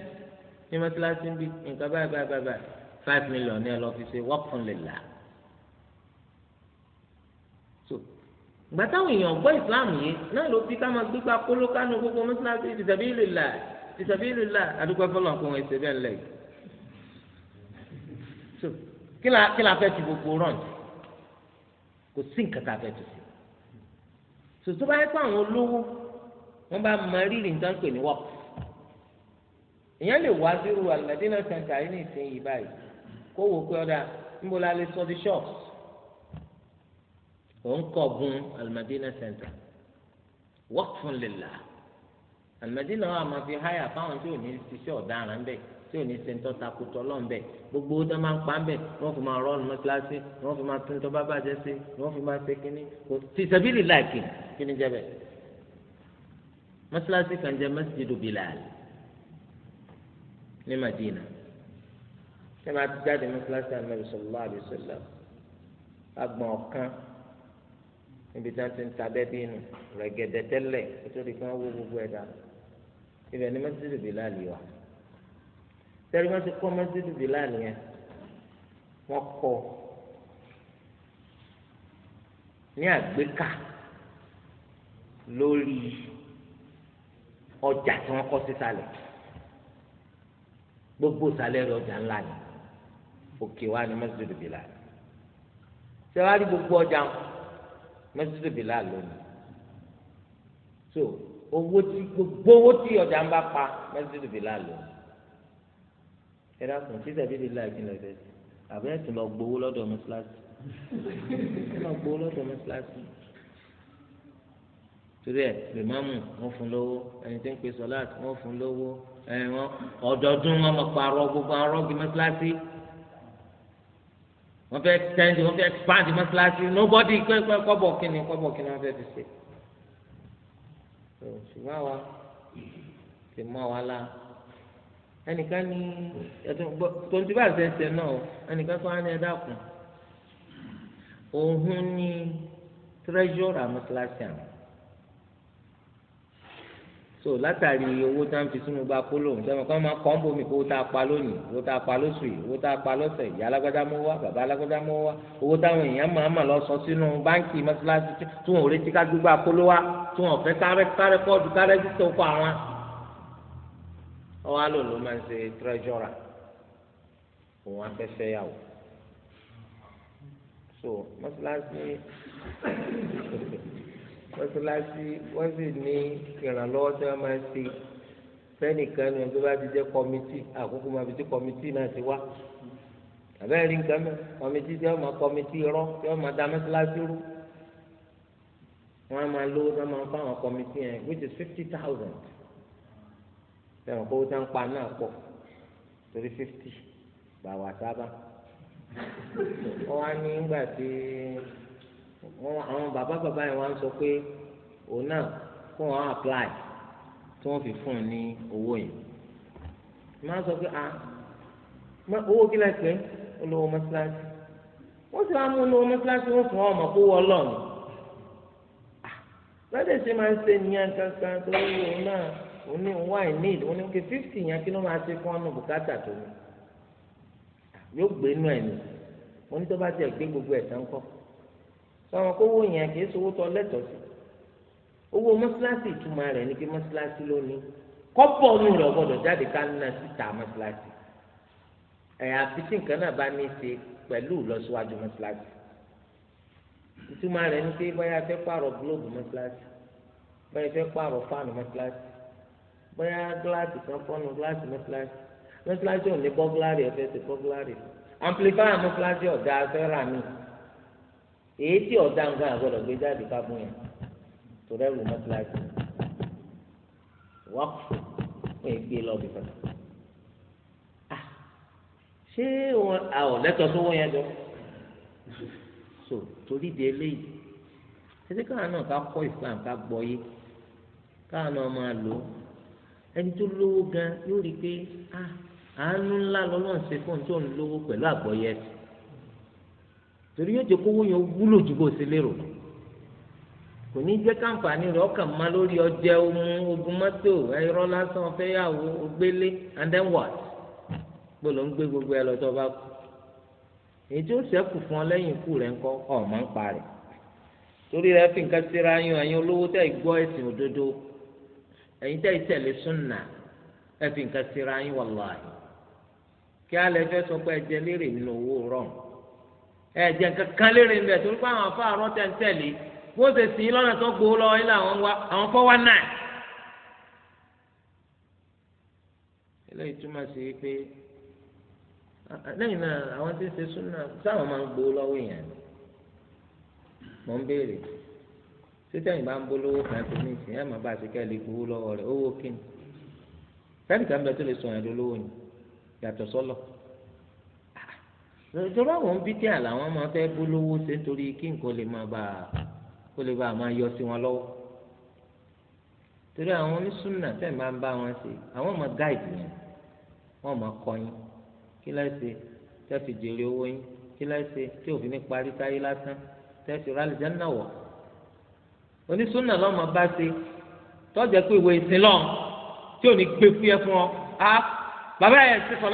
ní mọ́tíláṣí ń bí nǹkan báyìí báyìí báyìí five million ní ẹ lọ fi ṣe wákùfù lè là á. ìgbà táwọn èèyàn gbọ́ ìsìláàmù yìí náà ló fi ká máa gbígbá kóló kánú gbogbo mọ́sálásí ìfìsàbílùlà ìfìsàbílùlà àdúgbò fọlọ́n kò wọ́n ìṣẹ̀bẹ̀ ńlẹ̀ yìí. kí la fẹ́ ti gbogbo rán kò sí nǹkan tá a fẹ́ tù sí. sòtú bá yẹ kó àwọn olówó wọn bá mọ rírì nǹkan pè ní wọ́pù. èèyàn lè wá sírú aladina center yìí ní ìsinyìí báyìí kó wò pé ọ̀dà ńbọ̀lá lè sọ di shops òun kọ gun alimadina center waqfun lillah alimadina wa máa fi háyà fáwọn tí ò ní ṣiṣẹ́ ọ̀daràn ń bẹ tí ò ní sentọ takutọ lọ ń bẹ gbogbo tó máa ń pa ń bẹ ni wọ́n fi máa rọọnù mọ́sálásí ni wọ́n fi máa tún tó bá bàjẹ́ sí ni wọ́n fi máa ṣe kínní kò tí sẹbílì láàkì kí ni jẹbẹ mọ́sálásí kan jẹ́ masjidu bilal ní madina ṣé máa ti jáde mọ́sálásí anabi sallallahu alaihi wasallam agbọn ọ̀kan níbi tí wọ́n ti ń ta bẹ́bí nù rẹ̀gẹ̀dẹ̀ tẹ́lẹ̀ nítorí pé wọ́n wó gbogbo ẹ̀ dànù ibẹ̀ ni mọ́sídìí Bilal wà tẹ́lẹ̀ wọ́n ti kọ́ mọ́sídìí Bilal yẹn wọ́n kọ́ ní àgbéká lórí ọjà tí wọ́n kọ́ sísàlẹ̀ gbogbo sàlẹ̀ rẹ̀ ọjà ńlá ni òkè wa ni mọ́sídìí Bilal ṣé wàá rí gbogbo ọjà wọn mẹsídìí Bilal lónìí so owó tí gbogbo owó tí ọjà ń bá pa mẹsídìí Bilal lónìí ẹ dákun títẹ̀ bíbí láì kí n lọ bẹ́ẹ̀ sí àbí ẹ̀sìn lọ gbowó lọ́dọ̀ mọ́sálásí ẹ̀sìn lọ gbowó lọ́dọ̀ mọ́sálásí torí ẹ lèmọ́mù wọ́n fún lówó ẹni tí ń pe sọ́láàtì wọ́n fún lówó ẹ̀ wọ́n ọ̀dọ́dún wọn mọ̀ pààrọ̀ gbogbo àwọn rọ́ọ̀gì mọ́sálásí wọ́n fẹ́ extend wọ́n fẹ́ expand mọ́ṣáláṣí nobody pẹ́pẹ́ kọ́bọ̀ kínní kọ́bọ̀ kínní wọ́n fẹ́ fi ṣe. ṣùgbọ́n àwa ti mọ́ wa la ẹnìkan ní tonti bá ṣe ń ṣe náà ẹnìkan kọ́ á ní ẹ̀dá kù òun ní treasurer mọ́ṣáláṣí àná so látàrí owó tá à ń fi sínú gba polówó sẹ́wọ̀n kí wọ́n máa kọ́ ń bomi kó owó tá a pa lónìí owó tá a pa lóṣù yìí owó tá a pa lọ́sẹ̀ ìyá alágbádá mọ́ wá bàbá alágbádá mọ́ wá owó táwọn èèyàn máa mà lọ sọ sínú báńkì mọ́ṣáláṣí tí wọ́n ò retí ká gbégbá polówó tí wọ́n fẹ́ kárẹ́ kárẹ́ kọ́ọ̀dù kárẹ́ títí ọkọ̀ àwọn. ọwọ́ àlọ́ ló máa ń ṣe treasurer òun afẹ́fẹ́ yàwó so mọ́ṣáláṣí mọ́sálásí wọ́n sì ní ìrànlọ́wọ́ tí wọ́n máa ń ṣe fẹ́nìkan ní ọdún bá ti jẹ́ kọ́mítì àkókò máa fi tí kọ́mítì náà ti wá àbẹ́rẹ́ rí nǹkan mẹ́ kọ́mítì tí wọ́n máa kọ́mítì rọ́ tí wọ́n máa da mọ́sálásí rú wọ́n á máa lówó tí wọ́n máa ń fáwọn kọ́mítì yẹn which is fifty thousand fẹ́ràn kó tá ń pa náà pọ̀ torí fifty gbà wà sábà wọ́n á ní ìgbà tí àwọn bàbá bàbá yẹn wá ń sọ pé òun náà kó wọn apply tí wọ́n fi fún un ní owó yẹn máa sọ pé ah owó kí lẹ́sìn pé olówó mọ́sálásí wọ́n sì máa mú olówó mọ́sálásí wọ́n fún ọmọ kó wọ ọlọ́run lọ́dẹ̀ ṣe máa ń ṣe nìyẹn kankan tó ń lò náà òun ní wá ìníìdì òun ní kí fífìtì yẹn kí ló máa ṣe fún ọ̀nà bùkátà tó ní ah, yóò gbé inú ẹ̀ ní mo ní tó bá tiẹ̀ gbé gbogbo ẹ̀ tán kọ́ sọ̀rọ̀ kó owó yẹn kì í sowó tọ́ lẹ́tọ̀ọ́ sí owó mọ́sálásí ìtumọ̀ rẹ̀ ní kí mọ́sálásí lónìí kọ́pọ̀ ọ̀nù rẹ̀ gbọ́dọ̀ jáde ká ń ná síta mọ́sálásí ẹ̀yà àfitì nǹkan náà bá ní í ṣe pẹ̀lú ìlọsíwájú mọ́sálásí ìtumọ̀ rẹ̀ ní pé bóyá fẹ́ pààrọ̀ gílóòbù mọ́sálásí bóyá fẹ́ pààrọ̀ fáànù mọ́sálásí bóyá gíláàsì kan fọ́nù gíláàsì mọ́sálásí mọ́sálásí ò ní bọ́gláàrì ẹ̀fẹ́ ti bọ́gláàrì amplifier mọ́sálásí ọ̀dà afẹ́ràn míì èyí tí ọ̀dà nǹkan àgbọ̀dọ̀ gbé jáde ká bún yẹn tó rẹ́rù mọ́tíláṣí wákùfù wọ́n gbé lọ́ọ̀bì kan. Ah, ṣé wọn a ò lẹ́tọ̀ tó wọ́n yẹn jọ? so torí di eléyìí ṣètì káwọn náà ká kọ́ ìfúnà ká gbọ́ yé káwọn náà máa lò ó ẹni tó lówó gan yóò rí i pé ah, àánú ńlá lọ́lọ́run ṣe fóun tó ń lówó pẹ̀lú àgbọ́yé ẹ̀sìn torí yóò jẹ kówó yẹn wúlò ju bó ṣe lérò lọ kò ní jẹ́ káǹfààní rẹ̀ ọkàn má lórí ọjẹ́ ohun ogun mọ́tò ẹ̀rọ lásán fẹ́yàwó ogbélé and then what gbọ́dọ̀ ló ń gbé gbogbo ẹ lọ́jọ́ bá kú èyí tí ó ṣẹ́kù fún ọ lẹ́yìn ikú rẹ̀ ńkọ́ ọ̀ máa ń pa rẹ̀ torí rẹ̀ fi nǹkan síra yín ẹ̀yin olówó tẹ̀ gbọ́ ẹ̀sìn òdodo ẹ̀yin tẹ̀ tẹ̀lé súnà ẹ̀ fi nǹkan síra yín wàláhì kí á lè fẹ́ sọ pé ẹ jẹ lérè nínú owó rọ̀hún ẹ̀jẹ̀ kankan lérè ń bẹ̀ torí pé àwọn afọ àrọ́ tẹ̀ ń tẹ̀lé bó ṣe sìn ín lọ́nà tó gbowó lọ ilé àwọn wa àwọn fọ́ wá náà. eléyìí túmọ̀ sí pé lẹ́yìn náà àwọn tí ń ṣe súnà sáwọn máa ń gbowó lọ́wọ́ èèyàn mọ̀ ń béèrè sítẹ́yìn bá ń bolówó kan tó ní ìsìn ẹ̀ máa bá a ṣe kẹ́ lè gbowó lọ́wọ́ rẹ̀ owó kíni fẹ́ẹ̀nì kan bẹ tó lè sọ yẹn lólówó ni yàtọ̀ sọ́lọ̀ nítorí àwọn bíi díà làwọn máa fẹ́ bó lówó ṣe nítorí kí nǹkan lè máa bá kó lè bá a máa yọ sí wọn lọ́wọ́ torí àwọn onísùnà tẹ̀ máa ń bá wọn ṣe àwọn máa gáìdì yẹn wọ́n máa kọ́ yín kí lẹ́sẹ̀ tẹ́ fi jèrè owó yín kí lẹ́sẹ̀ tí òfin ní parí táyé lásán tẹ́ fi rálẹ̀ jẹ́ náà wọ̀ onísùnà lọ́mọ bá ṣe tọ́jà pé ìwé ìsìn lọ́n tí ò ní gbé fúyẹ́ fún ọ á ah, bàbá ẹ̀ ṣe sọ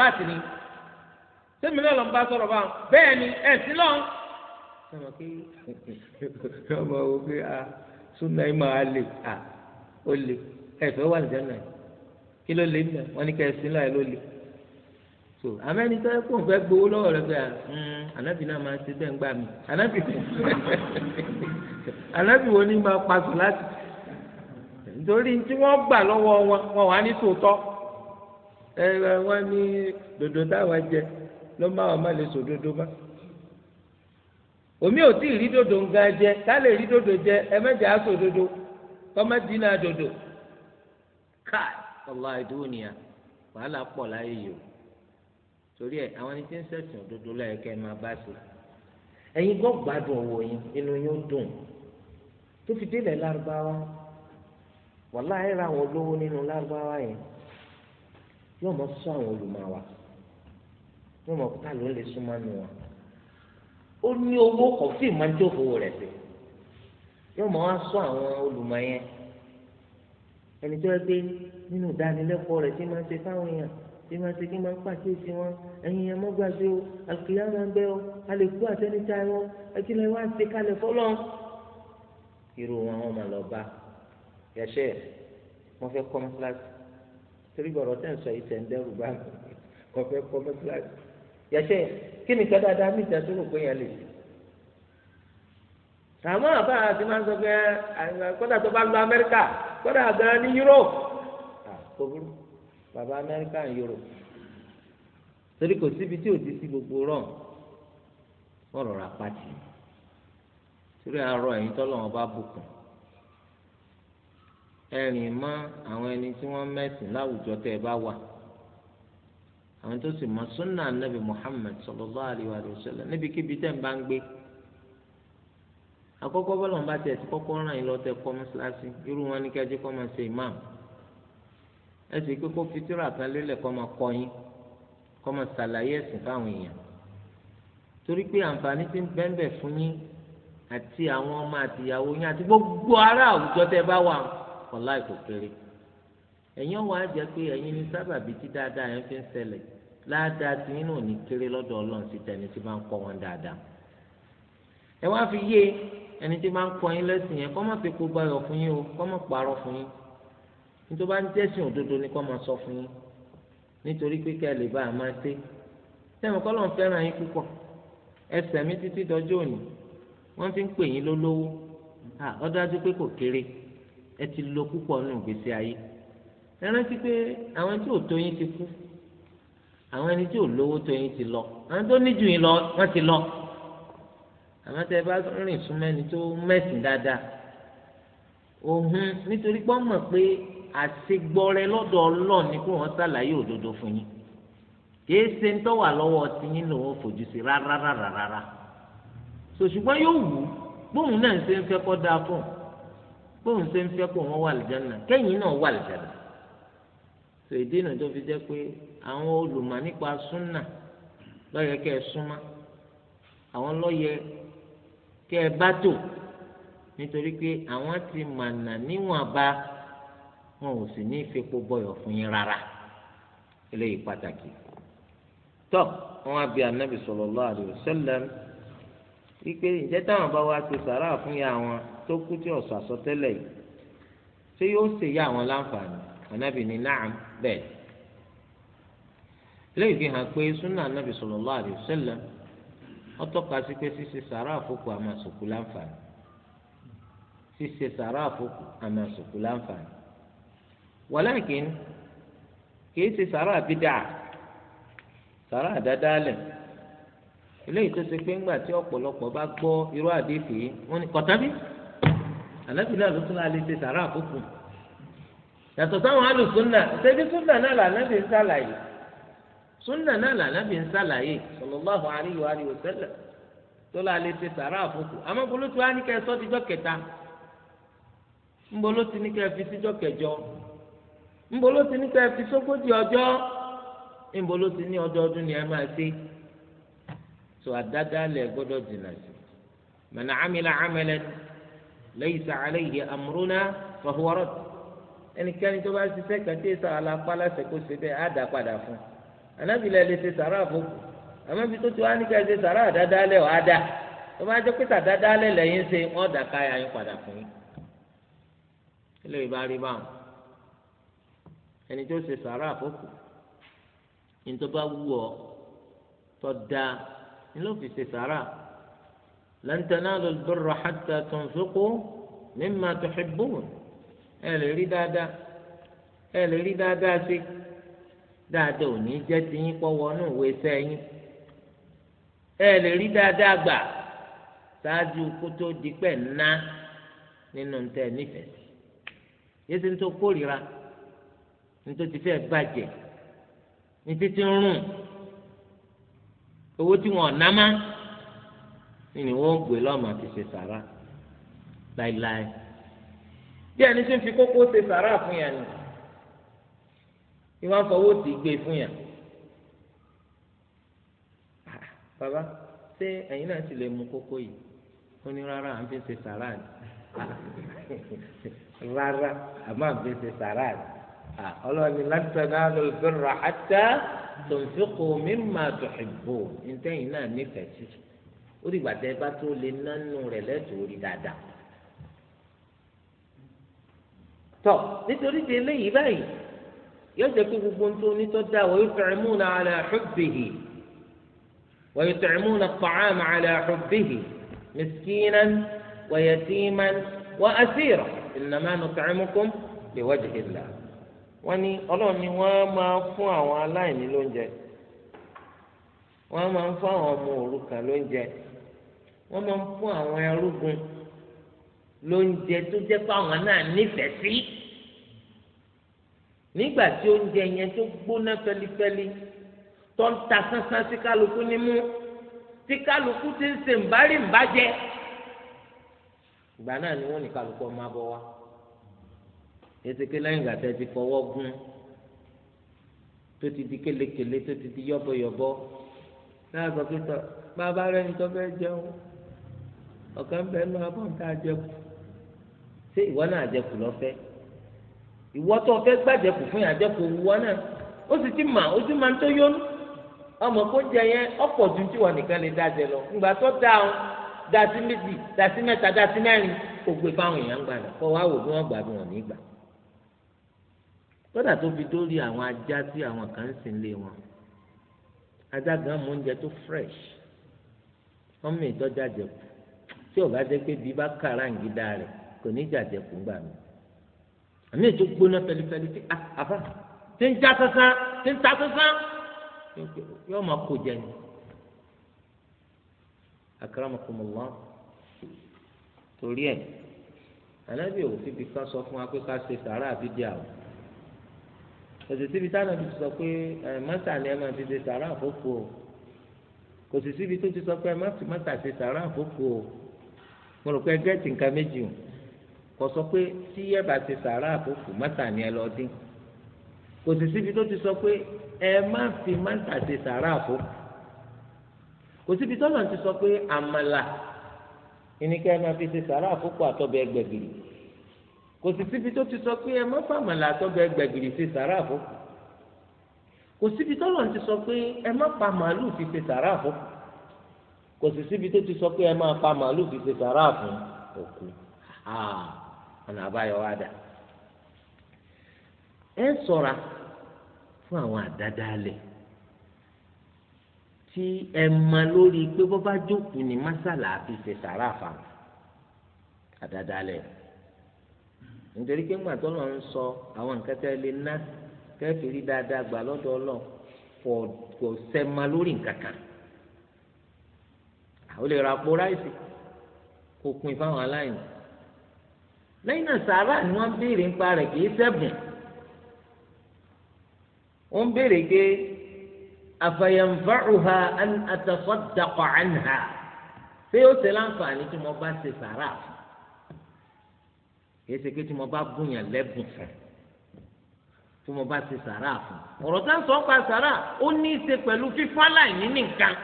sẹ́mi náà lọ ń bá sọ̀rọ̀ báwọn bẹ́ẹ̀ ni ẹ̀sìn lọ. sọ̀rọ̀ pé ọmọ wo pé a súnà yìí máa lè a ó lè ẹ̀fẹ́ wà lẹ́jọ́ náà kí ló lè mẹ́ wọ́n ní ká ẹ̀sìn láì ló lè. so amẹ́ni tó kó fẹ́ gbowó lọ́wọ́ rẹ̀ pé ah, hmm, ànábì náà máa ṣe bẹ́ẹ̀ ń gbà mí ànábì ànábì wo ni máa pa sùn láti nítorí tí wọ́n gbà lọ́wọ́ wọn wọn wà ní tòótọ́ ẹ wọ́n ní dòdò táwọn jẹ ló má wọn má lè sòdodo má omi ò tí ì rí dòdò ń gan jẹ ká lè rí dòdò jẹ ẹ mẹjẹ á sòdodo kọ́má dínà dòdò ká ọlọ àìdúnìyà wàhálà pọ̀ láyé yìí o torí ẹ àwọn ẹni tí ń ṣẹ̀sìn òdodo láyé kẹ́ ẹ máa bá ṣe ẹ̀yin gbọ́ gbádùn ọ̀wọ̀ yín inú yín dùn tó fi délẹ̀ lárúbáwá wàhálà ẹ̀ ra àwọn olówó nínú lárúbáwá yẹn yóò mọ sọ àwọn olùmọ̀ wa ní ọmọ kúta ló lè súnmọ́ nu wọn ó ní owó kọfí máa ń jó fowó rẹ̀ sí yóò máa wá sọ àwọn olùmọ̀ yẹn ẹni tó yẹ pé nínú ìdánilẹ́kọ̀ọ́ rẹ̀ tí máa ń ṣe fáwọn èèyàn tí máa ń ṣe kí máa ń pàkíyèsí wọn ẹ̀yin ẹ̀ mọ́gbàgbé o àkìlá máa ń bẹ́ o a lè kú àtẹnitá wọn ẹ̀kílẹ̀ wá ṣe kalẹ̀ fọlọ́ irú wọn wọn máa lọ bá yẹsẹ wọn fẹ́ kọ́ mọ́sálásí torí bọ̀rọ̀ tẹ̀ ń sọ yìí tẹ̀ ń dẹ́rù bá mi wọn fẹ́ kọ́ mọ́sálásí yẹsẹ kí ni kẹ dáadáa mí ìjà tó rò pé yẹn lè àmọ́ àbá àti máa ń sọ pé kódà tó bá lọ Amẹ́ríkà kódà gan ní Europe kò burú bàbá Amẹ́ríkà ń Europe torí kò síbi tí ò ti sí gbogbo rọ wọn rọra pàtì torí àárọ̀ ẹ̀yin tọlọ́run bá bùkún ẹ̀rín mọ́ àwọn ẹni tí wọ́n mẹ́sìn láwùjọ tẹ́ ẹ bá wà àwọn tó sì mọ súnà nàbì Muhammad sallallahu alaihi wa sallam níbikíbi tẹ́ ń bá ń gbé àkọ́kọ́ bọlọ ń bá tiẹ̀ ti kọ́kọ́ ràn yín lọ tẹ́ kọ́ mọ́sálásí irú wọn ní kẹjẹ kọ máa ṣe imam ẹ sì pé kó fi tírà kan lélẹ̀ kọ máa kọ́ yín kọ máa ṣàlàyé ẹ̀sìn fáwọn èèyàn torí pé àǹfààní ti ń bẹ́ńbẹ̀ fún yín àti àwọn ọmọ àtìyàwó yín àti gbogbo ará àwùjọ tẹ́ bá wà ọ̀la ìkò ẹ̀yin wàá jẹ́ pé ẹ̀yin ní sábàbí tí dáadáa yẹn fi ń ṣẹlẹ̀ láadáa tí nínú òní kéré lọ́dọ̀ ọlọ́run sí tẹni tí máa ń kọ́ wọn dáadáa ẹ wá fi yé ẹni tí máa ń kọ́ yín lẹ́sìn yẹn kọ́ má fi kó gbáyọ̀ fún yín o kọ́ má parọ́ fún yín nítorí bá ń jẹ́sìn òdodo ni kọ́ máa sọ fún yín nítorí pé kẹ́ ẹ lè bá a máa ṣe sẹ́mi kọ́ lọ́n fẹ́ràn yín púpọ̀ ẹsẹ̀ mi títí dọjọ́ òní wọ́n fi ń pè yín lólówó ọ̀dájú pé kò kéré ẹ ti lo púpọ̀ nù gbèsè ayé ẹ rántí pé àwọn tí ò tó yín ti kú àwọn ẹni tí ò lówó tó yín ti lọ àwọn tó ní jù yín lọ wọ́n ti lọ àmọ́ tẹ́ bá rìn fún mẹ́ni tó mẹ́sìn dáadáa òhun nítorí pé wọ́n mọ̀ pé àṣegbọ́rẹ́ lọ́dọ̀ ọlọ́ọ̀ ni kó wọ́n ṣàlàyé òdodo fún yín kìí ṣe ń tọ́wà lọ́wọ́ ti yín lòun fojú sí rárárárárá sòṣùgbọ́n yóò wù bóun náà ṣe ń fẹ́ kọ́ dáa fún bóun ṣe ń fẹ́ kó wọ́n wà lìjánà kẹ́yìn náà wà lìjánà sọ èdè náà tó fi jẹ́ pé àwọn olùmọ̀ nípa súnà lọ́yẹ kẹ́ ẹ súnmọ́ àwọn lọ́yẹ kẹ́ ẹ bá tò nítorí pé àwọn ti mànà níwọ̀nba wọn ò sì ní ìfipò bọyọ̀ fún yín rárá eléyìí pàtàkì tọ́ wọn á bi anabi sallallahu alaihi wasallam wípé ǹjẹ́ táwọn bá wá ṣe sàrà fún ya wọn tó kú tí ọ̀sọ̀ àsọtẹ́lẹ̀ yìí ṣé yóò ṣèyá àwọn láǹfààní ànábì ní naam bẹ́ẹ̀ lẹ́yìn fi hàn pé súnà ànábì sallallahu alaihi wasallam ó tọ́ka sí pé ṣíṣe sàrà àfọkù àmà láǹfààní ṣíṣe sàrà àfọkù àmà láǹfààní wàlákin kìí ṣe sàrà àbídà sàrà àdádálẹ̀ eléyìí tó ṣe pé ńgbà tí ọ̀pọ̀lọpọ̀ bá gbọ́ irú àdéhìí wọ́n ní náà ló tún ṣe sàrà àfọkù. yàtọ̀ sáwọn alùsùnà ṣẹbi súnà náà lànàbì ń sàlàyé súnà náà lànàbì ń sàlàyé sallallahu alaihi wa alihi wa sallam tó la lè ṣe sàrà àfọkù àmọ́ bolótu wa ní kẹ́ sọ ti jọ kẹta ńbolótu ní kẹ́ fi síjọ kẹjọ ńbolótu ní kẹ́ fi sógójì ọjọ́ ńbolótu ní ọdọọdún ni ẹ máa ṣe tó àdáda lẹ gbọ́dọ̀ jìnnà sí man amila amalan laysa alayhi amruna ẹnikẹ́ni tó bá ṣiṣẹ́ kàtí èso alápá láṣẹ kó ṣe bẹ́ẹ̀ á dà padà fún un ànábìlẹ̀ lè ṣe sàrà àfọkù àmọ́ ibi tó ti wá ní kẹ́sẹ̀ sàrà àdáadáa lẹ̀ wàá dà tó bá jẹ́ pé tàdáadáa lẹ̀ lẹ́yìn ṣe wọ́n dà káyà yín padà fún yín ilé ìbá rí báwọn ẹni tó ṣe sàrà àfọkù ní tó bá wù ọ́ tó da ní ló fi ṣe sàrà lan tanalu al-birra hatta tunfiqu mimma tuhibbun. ẹ lè rí dáadáa ẹ lè rí dáadáa sí dáadáa ò ní jẹ́ tiyín pọ́wọ́ ní òwe sẹ́yìn ẹ lè rí dáadáa gbà ṣáájú kó tó di pẹ́ ná nínú tẹ nífẹ̀ẹ́ sí yéésì ní tó kórìíra ní tó ti fẹ́ bàjẹ́ ní títí ń rùn owó tí wọn ná bí ẹni tí ń fi kókó ṣe sàrà fún yàn ni ìwà ń fọwọ́ sí gbé fún yàn bàbá ṣé ẹ̀yin náà sì lè mu kókó yìí ó ní rárá à ń fi ṣe sàrà ni rárá àmọ́ à ń fi ṣe sàrà ni ọlọ́ọ̀ni látàná lọ́lọ́fẹ́rọ̀ àtà tòǹfìkò mímà tòṣìbò ntẹ́yìn náà nífẹ̀ẹ́ sí ó dìgbà tẹ́ bá tó lè nánú rẹ̀ lẹ́tọ̀ọ́ rí dáadáa. tọ nítorí ti eléyìí báyìí yóò jẹ pé gbogbo tó nítọ́ dá wa yut'imuna ala hubbihi wa yut'imuna at-ta'ama ala hubbihi miskinan wa yatiman wa asira innama nut'imukum liwajhi llah wọ́n ní Ọlọ́run ni wọ́n máa fún àwọn aláìní lóúnjẹ wọ́n máa ń fún àwọn ọmọ òrukàn lóúnjẹ wọ́n máa ń fún àwọn ẹrúgun lóúnjẹ tó jẹ́ pé àwọn náà nífẹ̀ẹ́ sí nígbà tí oúnjẹ yẹn tó gbóná fẹlifẹli tó ń ta sánsán sí kálukú nímú tí kálukú ti ń ṣe ńbárí ńbájẹ ìgbà náà ni wọ́n ní kálukú ọmọ abọ wa ètèké lẹ́yìn ìgbà tẹ́ ti fọwọ́ gún tó ti di kélekèle tó ti di yọbọyọbọ náà sọ pé tọ bàbá rẹ ní tó jẹun ọkàn bẹ́ẹ̀ náà bọ̀ ń tà jẹkù ṣé ìwọ náà jẹkù lọ ìwọ tó fẹ́ gbàjẹkù fún ìyàjẹkù òwúwọ náà ó sì ti mà ó sì máa ń tó yónú ọmọ kó jẹ yẹn ọ̀pọ̀ ju tí wọn nìkan lè dá jẹ lọ ìgbà tó dá ọ dá sí méjì dá sí mẹ́ta dá sí mẹ́rin kò gbé fáwọn èèyàn gbà náà kọ wá wò bí wọn gbà bí wọn nígbà kódà tó fi dórí àwọn ajá tí àwọn kan ń lé wọn ajá gan mú oúnjẹ tó fresh wọn mú ìtọ́jà jẹkù tí ò bá jẹ pé bí bá kàrà ń gidá rẹ kò ní jàjẹkù gbà mí àmì ètò gbóná pẹ̀lẹ́pẹ̀lẹ́ tí ah, àfa ti ń já sánsán ti ń ta sánsán yóò máa kó jẹ ni akramakumullah torí ẹ ànábì ò fi bí ká sọ fún wa pé ká ṣe sàrà àbí díà o kòsì síbi tá ànábì ti sọ pé ẹ mọ́tà ni ẹ máa fi ṣe sàrà àfófó o kòsì síbi tó ti sọ pé ẹ mọ́tà ṣe sàrà àfófó o mo rò pé gẹ́ẹ̀tì nǹkan méjì o kò sọ pé tí ẹ bá ti sàárà àkókò mọ́tà ni ẹ lọ dín kò sì síbi tó ti sọ pé ẹ má fi mọ́tà ti sàárà àkókò kò síbi tó lọ́n ti sọ pé àmàlà ìníkẹ́ ẹ má fi ti sàárà àkókò àtọ́bẹ̀ ẹgbẹ̀gìrì kò sì síbi tó ti sọ pé ẹ má fa àmàlà àtọ́bẹ̀ ẹgbẹ̀gìrì ti sàárà àkókò kò síbi tó lọ́n ti sọ pé ẹ má pa màálù fi ti sàárà àkókò kò sì síbi tó ti sọ pé ẹ má pa màálù fi ti sàárà àkókò òkú. ọ̀nà àbáyọ wa dà ẹ ṣọ́ra fún àwọn àdádálẹ̀ tí ẹ mọ lórí pé bọ́ bá jókòó ní másàlà àfi ṣe sàrà fáwọn àdádálẹ̀ nítorí pé ńgbà tó lọ́n sọ àwọn nǹkan tẹ́ lé ná kẹ́ẹ̀fì rí dáadáa gbà lọ́dọ̀ ọlọ́ kò sẹ́ ma lórí nǹkan kan àwọn lè lẹ́yìn náà sàárà ni wọ́n béèrè nípa rẹ̀ kì í ṣẹ̀bùn wọ́n béèrè pé àfàyànfàrùhà àtàfọ́dàpọ̀ àǹhà ṣé ó ṣe láǹfààní tí mo bá ṣe sàárà fún kì í ṣe pé tí mo bá gùnyàn lẹ́bùn fún tí mo bá ṣe sàárà fún ọ̀rọ̀ tá à ń sọ nípa sàárà ó ní í ṣe pẹ̀lú fífún aláìní nìkan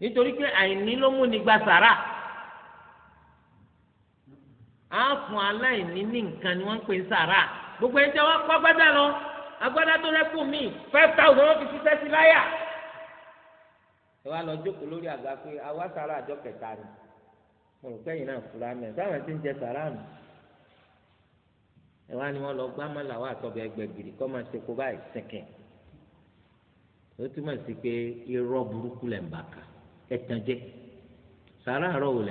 nítorí pé àìní ló mú ni gba sàárà. fún aláìní ní nǹkan ni wọ́n ń pè ń sàrà gbogbo ẹni tí wọ́n kọ́ lọ agbádá tó rẹ́pù mí five thousand wọ́n fi ṣiṣẹ́ sí láyà. ẹ wá lọ jókòó lórí àga pé àwa sàrà àjọ kẹta ni mo rò pé yìí náà fura mẹ sáwọn ti ń jẹ sàrà nù. ẹ wá ní wọn lọ gbá mọ́làwọ́ àtọ́bẹ̀ kọ́ máa ṣe kó báyìí sẹ́kẹ̀. ó túmọ̀ sí pé irọ́ burúkú lẹ̀ ń bàkà jẹ́ sàrà àárọ̀ wò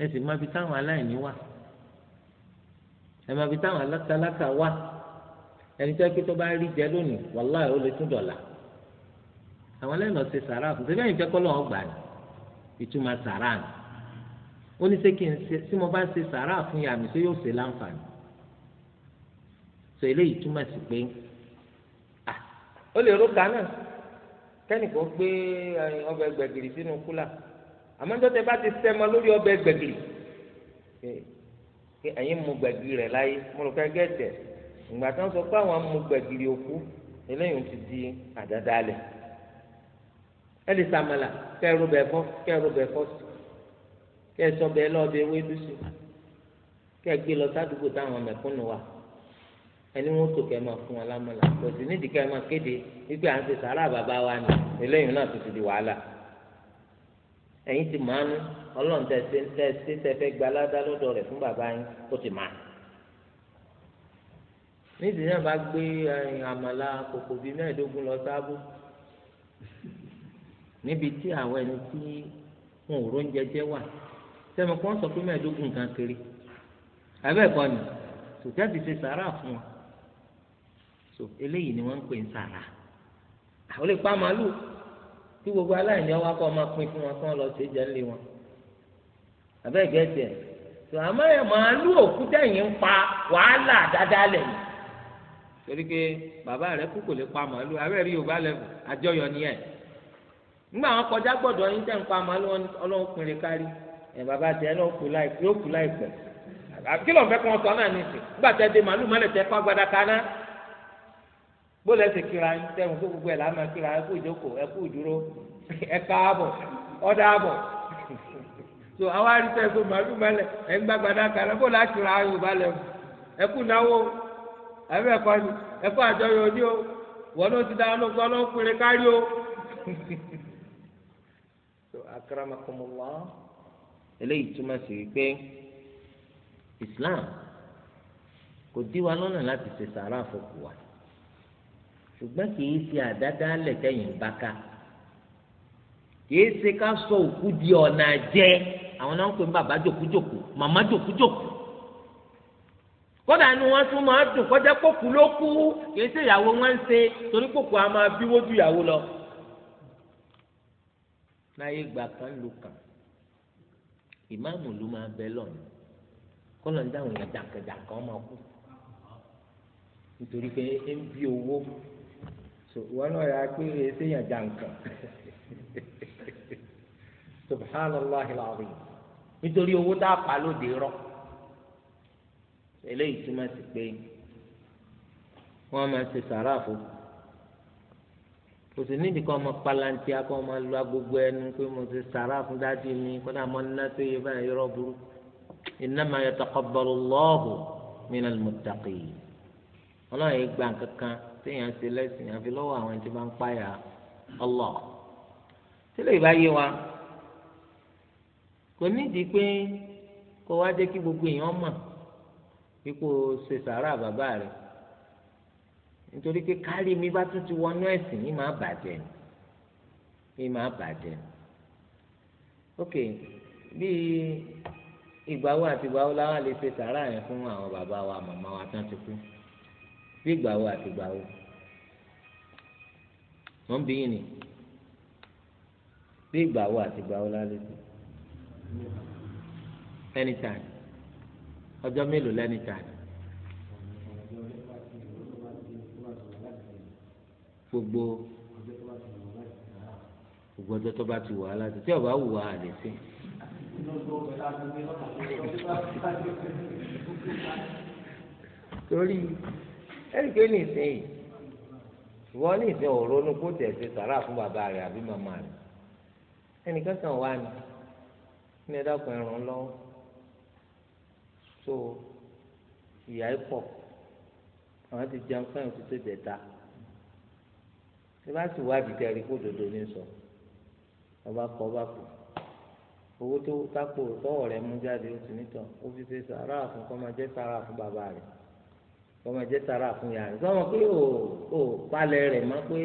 ẹ sì máa bi táwọn aláìní wà ẹ máa bi táwọn alátalákà wà ẹni tó kí tó bá rí jẹ lónìí wàláì ó lè tún dọ̀là àwọn ẹlẹ́nà ṣe sàrà fún ṣẹ́fẹ́ yìí fẹ́ kọ́ lọ́wọ́ gbà ní ìtumọ̀ sàrà ni ó ní ṣé kí n ṣe tí mo bá ṣe sàrà fún yàmi ṣé yóò ṣe láǹfààní sọ eléyìí túmọ̀ sí pé ó lè róka náà kẹ́nìkan gbé ọbẹ̀ gbẹ̀gìrì sínú kúlà àmọ́jọ́tẹ bá ti sẹ́mọ lórí ọbẹ̀ gbẹ̀gìrì pé ẹ̀yin mu gbẹ̀gìrì rẹ̀ láyé mo rò fẹ́ gẹ̀ẹ́tẹ̀ ìgbà tó ń sọ pé àwọn mu gbẹ̀gìrì òkú eléyìí ti di àdádálẹ̀ ẹ lè sàmàlà kẹ́rù bẹ̀ fọ́ kẹ́rù bẹ̀ fọ́ sí kẹ́sọ bẹ̀ lọ́ọ̀bẹ̀ wédú sí kẹ́gbé lọ sádùúgbò táwọn mẹ̀kúnnù wà ẹni wọn tó kẹ́ máa fún wọn lámàlà kò sí nídìí kẹ́ máa kéde wípé à ń ṣe sàárà bàbá wa ni eléyìí náà ti ti di wàhálà ẹ̀yin ti máa ń ọlọ́run tẹ ṣe ń tẹ ṣe tẹ fẹ́ gba aládá lọ́dọ̀ rẹ̀ fún bàbá yín ó ti máa. nídìí náà bá gbé àmàlà kòkò bíi mẹ́ẹ̀ẹ́dógún lọ sáábù níbi tí àwọn ẹni tí wọn ò róúnjẹ jẹ wà sẹ́mi kọ́ ń sọ pé mẹ́ẹ̀ẹ́dógún kan kiri abẹ́ẹ̀kọ́ ni sòtẹ́ ti ṣe sàrà fún wọn eléyìí ni wọ́n ń pè ń sàrà àwọn lè pa màálù kí gbogbo aláìní ọwọ́ akọ́ máa pín fún wọn kí wọ́n lọ sí ìjẹ́ ńlẹ̀ wọn àbẹ́ gẹ̀ẹ́sì ẹ̀ tó àmọ́ ẹ̀ màálù òkúta yìí ń pa wàhálà dáadáa lẹ̀ yìí torí pé bàbá rẹ̀ kú kò lè pa màálù abẹ́ rí yorùbá lẹ́fù àjọyọ̀ ni ẹ̀ nígbà wọn kọjá gbọ́dọ̀ yín tẹ̀ ń pa màálù ọlọ́run pinrin kárí ẹ̀ bàbá tiẹ̀ náà yóò kú láìpẹ́ kí lọ́n fẹ́ kí wọ́n sọ náà nìsín nígbà tẹ́ dé màálù mọ́lẹ̀ tẹ́ fọ́ agbada kaná bóòlù ẹsẹ̀ kíra ń tẹ̀wọ̀n tó gbogbo ẹ̀ lámà kíra ẹ kú ìjókòó ẹ kú ìdúró ẹ káàbọ̀ ọ̀dà àbọ̀ tó àwọn arìtẹ̀ tó màálù bóòlù náwó o wọn ló ti dáná gbọ́ kárí o. tó eléyìí túmọ̀ sí wípé Islam kò dí wa lọ́nà láti ṣe sàrà àfọkù wa. ṣùgbọ́n kìí ṣe adada tẹ̀yìn baka ká kìí ṣe ká sọ òkú di ọ̀nà je àwọn náà ń pè ní bàbá jòkújòkú màmá jòkújòkú kódà ni wọ́n tún máa dùn kọjá kókù ló kú kìí ṣe ìyàwó wọn ń ṣe torí kókù á máa ìyàwó lọ láyé gbà kan ló kàn ìmáàmù ló máa bẹ lọ́nà kọ́nà dáhùn kú nítorí pé ń bí so wọn náà yà pé èsèyàn já nǹkan subhanallahi alazim nítorí owó tá a pa lóde rọ eléyìí túmọ̀ sí pé wọ́n máa ṣe sàráàfó kò sí nídìí kan ọmọ palantia kan ọmọ lu agogo ẹnu pé mo ṣe sàráàfó dájú mi kódà mo ná tó yẹ báyìí irọ́ burú innama yataqabbalu Allahu minal muttaqin ọlọ́run yìí gba nǹkan téèyàn ṣe lẹ́sìn àfi lọ́wọ́ àwọn ẹni tí bá ń páyà Allah tílé ìbá yé wa kò nídìí pé kó wá jẹ́ kí gbogbo èèyàn mọ̀ ipò ṣe sàárà bàbá rẹ̀ nítorí pé kárí mi bá tún ti wọnú ẹ̀sìn ní màá bàjẹ́ ní màá bàjẹ́ ok bíi ìgbà àti ìgbà wo lè ṣe sàárà yẹn fún àwọn bàbá wa màmá wa tán ti kú bí ìgbà wo àti ìgbà wo wọn ń bí yìí ni bí ìgbà wo àti ìgbà wo lálẹ́ sí anytime ọjọ́ mélòó lẹ́nìtime gbogbo gbogbo ọjọ́ tó bá ti wà á láti tí ọba wù wá àlè sí. torí ẹnì pé nìsín ìwọ nìsín ò ronú kó tẹ̀ ṣe sàrà fún bàbá rẹ̀ àbí màmá rẹ̀ ẹnì kankan wà ní ní ẹ̀dá kan ẹ̀ràn lọ́wọ́ so ìyá ẹ̀ pọ̀ àwọn ti jẹun fẹ́ràn tó tó dẹ̀ta tí bá sì wádìí tẹ̀rí kó dodo ní sọ ọba kọ ọba kù owó tó tápò tọwọ́ rẹ̀ mú jáde ó sì nítàn ó fi ṣe sàrà fún kọ́ máa jẹ́ sàrà fún bàbá rẹ̀ wọ́n máa jẹ́ sàrà fún yàrá sọ wọn pé ò ò palẹ̀ rẹ̀ mọ́ pé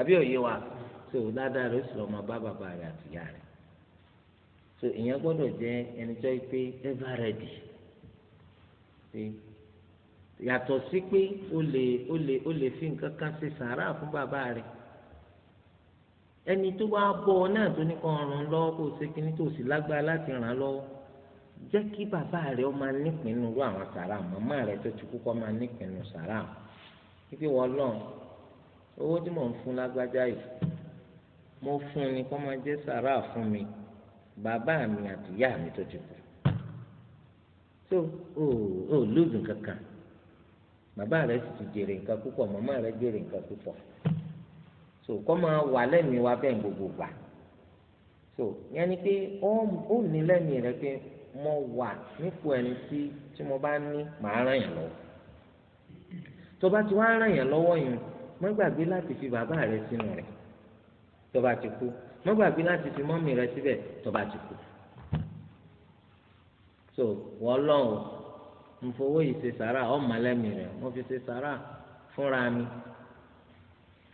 àbí òye wa tó dáadáa rẹ̀ sì lọ́ máa bá bàbá rẹ̀ àti ìyá rẹ̀ so ìyẹn gbọ́dọ̀ jẹ́ ẹni tó yẹ pé ever ready pé yàtọ̀ sí pé o lè o lè o lè fi nǹkan kan ṣe sàrà fún bàbá rẹ̀ ẹni tó bá bọ̀ náà tó ní kàn ràn lọ́wọ́ kó o ṣe kíní tó o sì lágbára láti ràn lọ́wọ́ jẹ́ kí bàbá rẹ ó máa nípinnu ru àwọn sàrà màmá rẹ tó ti kú kó máa nípinnu sàrà wípé wọ́n lọ́n owó tí mò ń fún lágbájá yìí mo fún ni kó máa jẹ́ sàrà fún mi bàbá mi àti ìyá mi tó ti kú so o ò lóògùn kankan bàbá rẹ sì ti jèrè nǹkan púpọ̀ màmá rẹ jèrè nǹkan púpọ̀ so kó máa wà lẹ́mìí wa bẹ́ẹ̀ gbogbo gbà so yẹn ni pé ó ní lẹ́mìí rẹ pé mo wà nípò ẹni tí tí mo bá ní màá ràn yàn lọ́wọ́ tó bá ti wá ràn yàn lọ́wọ́ yẹn má gbàgbé láti fi bàbá rẹ sínú rẹ tó bá ti kú má gbàgbé láti fi mọ́mì rẹ síbẹ̀ tó bá ti kú so wọ́n lọ́wọ́ nfowó yìí ṣe sàrà ọmọ lẹ́mìí rẹ mo fi ṣe sàrà fúnra mi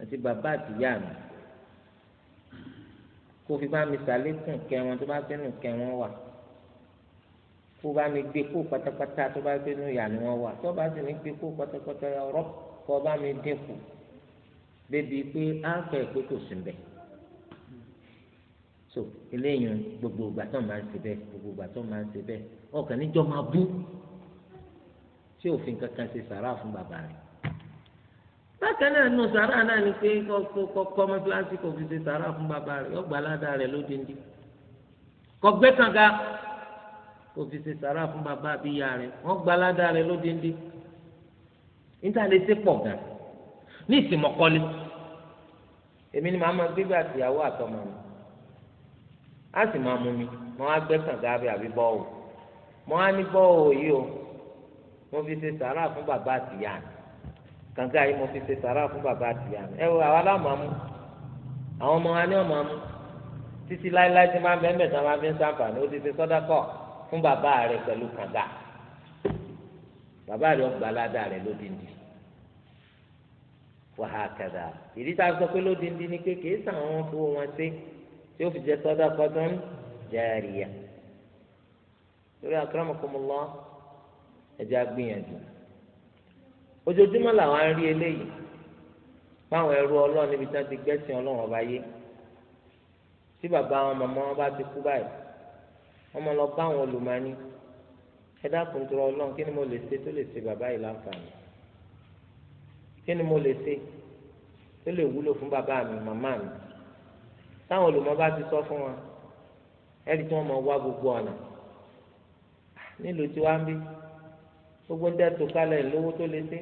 àti bàbá àtìyá mi kó fi bá mi sàlékún kẹ wọn tó bá fẹ́ nù kẹ wọn wà kó bá mi gbé kó pátápátá tó bá fẹ́ nù yà ni wọn wà tó bá sì ní gbé kó pátápátá yà kó bá mi dínkù bébí pé á fẹ́ pé kò sí mbẹ so eléyìí gbogbo ìgbà tó máa ń ṣe bẹ́ẹ̀ gbogbo ìgbà tó máa ń ṣe bẹ́ẹ̀ ọkàn níjọ máa bú tí òfin kankan ṣe sàrà fún bàbá rẹ̀ bákan náà nù sàrà náà ni pé kọ́kọ́ mọ́tíláṣí kò fi ṣe sàrà fún bàbá rẹ̀ yọ gbàládà rẹ̀ lódindi kọ́gbẹ́ kànga kò fi ṣe sàrà fún bàbá àbíyá rẹ̀ wọ́n gbàládà rẹ̀ lódindi pọ̀ gan ní ìsìmọ̀kọ́lé èmi ni màá àtọmọ mi á sì máa mú mi á àbí bọ́ọ̀ kàǹkà yìí mo fi ṣe sàrà fún bàbá àtìyá mi ẹ wo àwa láwọn máa mú àwọn ọmọ wa ní ọmọ mú títí láéláé tí máa ń bẹ́ẹ̀ mẹ́ta máa fi ń sàǹfààní ó ti ṣe sọ́dákọ̀ fún bàbá rẹ̀ pẹ̀lú kàǹkà bàbá rẹ̀ ọgbà aládàá rẹ̀ lódìndí wàhákàdà ìdí tá a sọ pé lódìndí ni pé kìí sàn àwọn fowó wọn sí tí ó fi jẹ sọ́dákọ̀ tó ń jàríyà lórí àkàràmọ̀kọ́mọ́lá ẹ̀jẹ̀ agbìyànjú ojoojúmọ́ làwọn á rí eléyìí fáwọn ẹrú ọlọ́run níbi tí wọ́n ti gbẹ́sìn ọlọ́run ọba yé tí bàbá wọn màmá wọn bá ti kú báyìí wọ́n máa lọ bá àwọn olùmọ̀ọ́ni ẹ dákun tó ọlọ́run kí ni mo lè ṣe tó lè ṣe bàbá yìí láǹfààní kí ni mo lè ṣe tó lè wúlò fún bàbá mi màmá mi táwọn olùmọ̀ bá ti sọ fún wọn ẹ̀rí tí wọ́n máa wá gbogbo ọ̀nà nílùú tí wọ́n á bí gbogbo ń tẹ́tù kalẹ̀ lówó tó lè dé